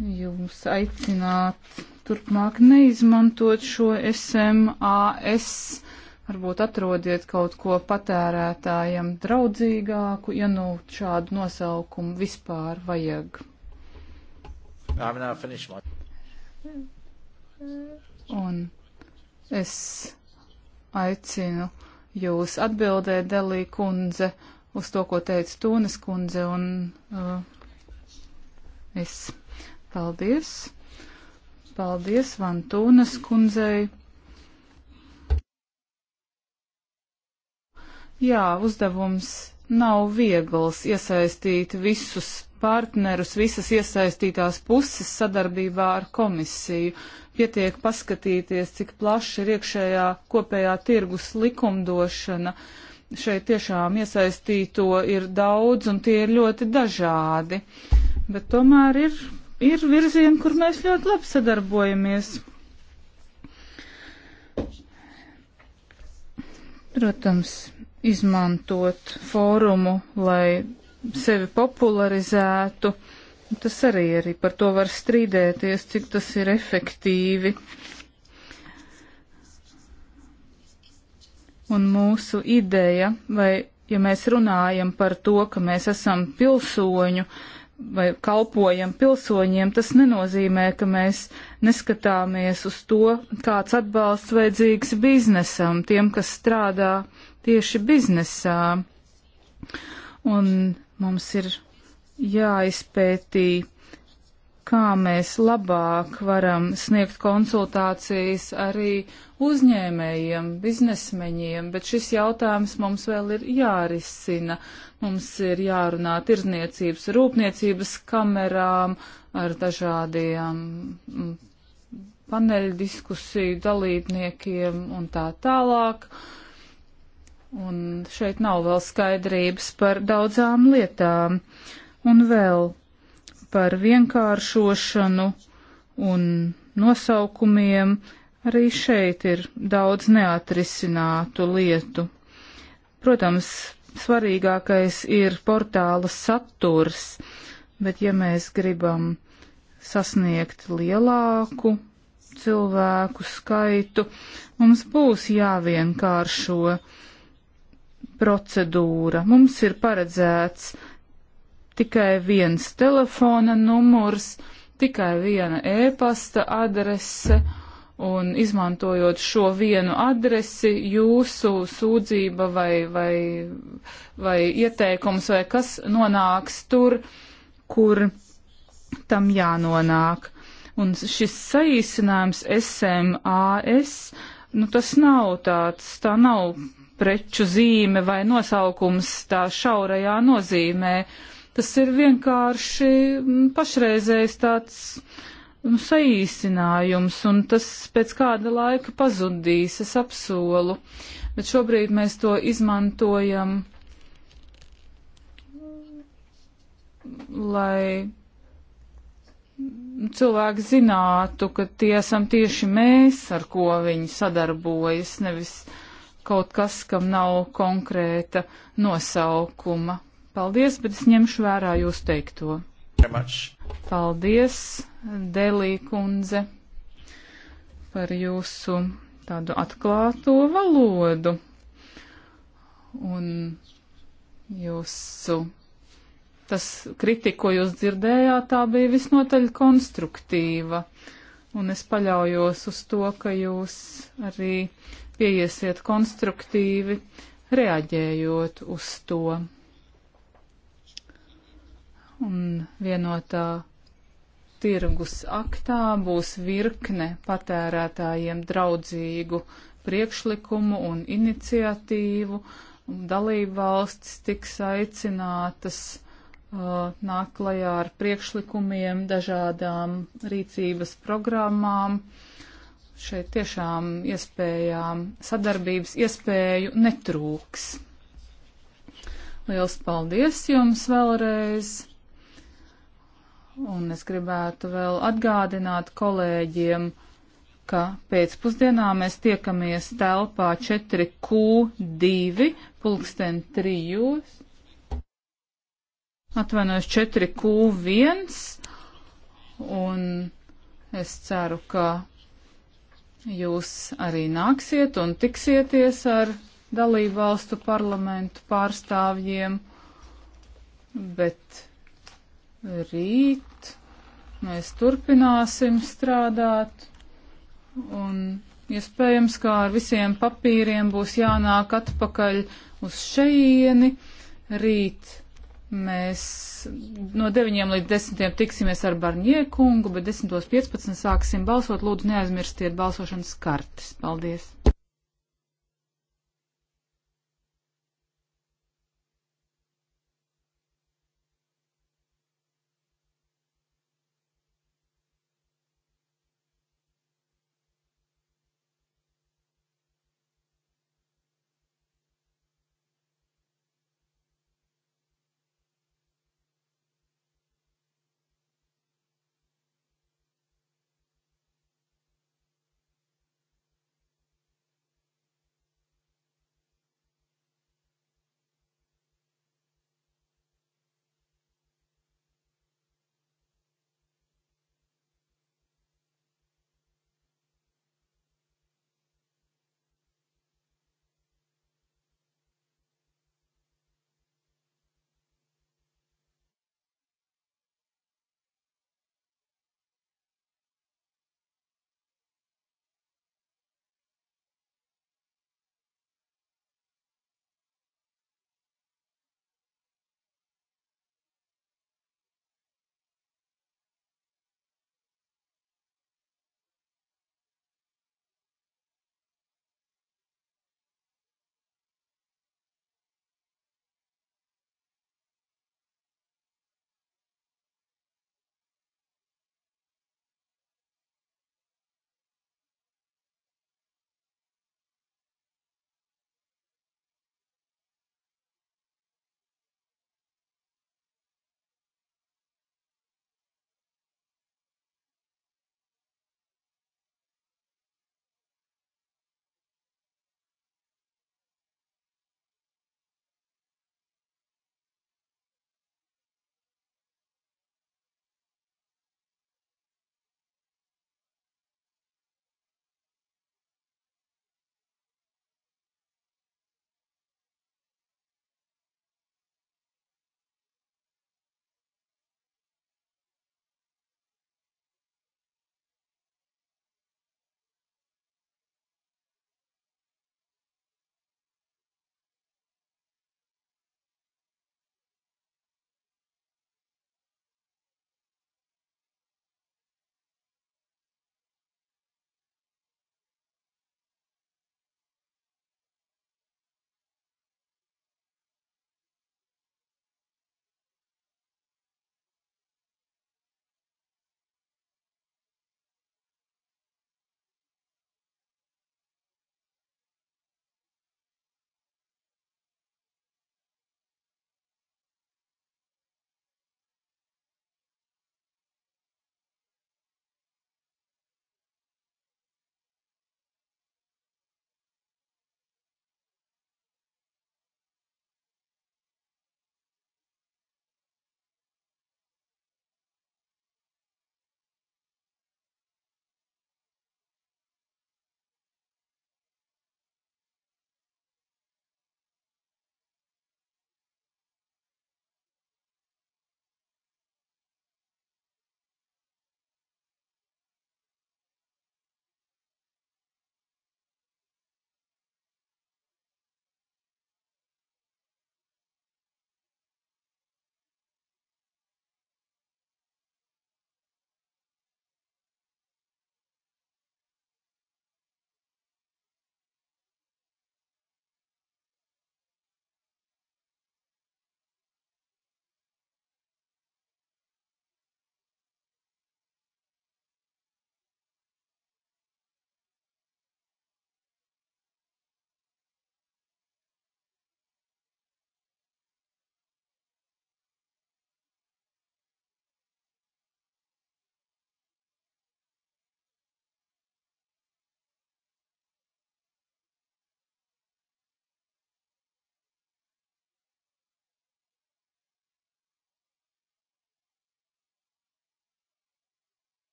jums aicināt turpmāk neizmantot šo SMAS. Varbūt atrodiet kaut ko patērētājiem draudzīgāku, ja nu šādu nosaukumu vispār vajag. Un es aicinu jūs atbildēt, Delī kundze, uz to, ko teica Tūnes kundze un uh, es. Paldies! Paldies Vantūnas kundzei! Jā, uzdevums nav viegls iesaistīt visus partnerus, visas iesaistītās puses sadarbībā ar komisiju. Pietiek paskatīties, cik plaši ir iekšējā kopējā tirgus likumdošana. Šeit tiešām iesaistīto ir daudz un tie ir ļoti dažādi, bet tomēr ir ir virzieni, kur mēs ļoti labi sadarbojamies. Protams, izmantot fórumu, lai sevi popularizētu, tas arī, arī par to var strīdēties, cik tas ir efektīvi. Un mūsu ideja, vai ja mēs runājam par to, ka mēs esam pilsoņu, uh, vai kalpojam pilsoņiem, tas nenozīmē, ka mēs neskatāmies uz to, kāds atbalsts vajadzīgs biznesam, tiem, kas strādā tieši biznesā. Un mums ir jāizpētī kā mēs labāk varam sniegt konsultācijas arī uzņēmējiem, biznesmeņiem, bet šis jautājums mums vēl ir jārisina. Mums ir jārunā tirzniecības, rūpniecības kamerām, ar dažādiem mm, paneļdiskusiju dalībniekiem un tā tālāk. Un šeit nav vēl skaidrības par daudzām lietām. Un vēl par vienkāršošanu un nosaukumiem, arī šeit ir daudz neatrisinātu lietu. Protams, svarīgākais ir portāla saturs, bet ja mēs gribam sasniegt lielāku cilvēku skaitu, mums būs jāvienkāršo procedūra. Mums ir paredzēts tikai viens telefona numurs, tikai viena ēpasta e adrese, un izmantojot šo vienu adresi, jūsu sūdzība vai, vai, vai ieteikums vai kas nonāks tur, kur tam jānonāk. Un šis saīsinājums SMAS, nu tas nav tāds, tā nav preču zīme vai nosaukums tā šaurajā nozīmē. Uh, Tas ir vienkārši mm, pašreizējs tāds nu, saīsinājums, un tas pēc kāda laika pazudīs, es apsolu. Bet šobrīd mēs to izmantojam, lai cilvēki zinātu, ka tie esam tieši mēs, ar ko viņi sadarbojas, nevis kaut kas, kam nav konkrēta nosaukuma. Paldies, bet es ņemšu vērā jūs teikto. Paldies, Delī kundze, par jūsu tādu atklāto valodu un jūsu, tas kritika, ko jūs dzirdējāt, tā bija visnotaļ konstruktīva. Un es paļaujos uz to, ka jūs arī pieiesiet konstruktīvi, reaģējot uz to un vienotā tirgus aktā būs virkne patērētājiem draudzīgu priekšlikumu un iniciatīvu, un dalībvalstis tiks aicinātas uh, nāk klajā ar priekšlikumiem, dažādām rīcības programmām. Šeit tiešām iespējām sadarbības iespēju netrūks. Liels paldies jums vēlreiz! Un es gribētu vēl atgādināt kolēģiem, ka pēcpusdienā mēs tiekamies telpā 4Q2 pulksten trijos. Atvainojos 4Q1 un es ceru, ka jūs arī nāksiet un tiksieties ar dalību valstu parlamentu pārstāvjiem, bet rīt mēs turpināsim strādāt un iespējams, ja kā ar visiem papīriem būs jānāk atpakaļ uz šeieni. Rīt mēs no 9 līdz 10 tiksimies ar Barņiekungu, bet 10.15 sāksim balsot. Lūdzu, neaizmirstiet balsošanas kartes. Paldies!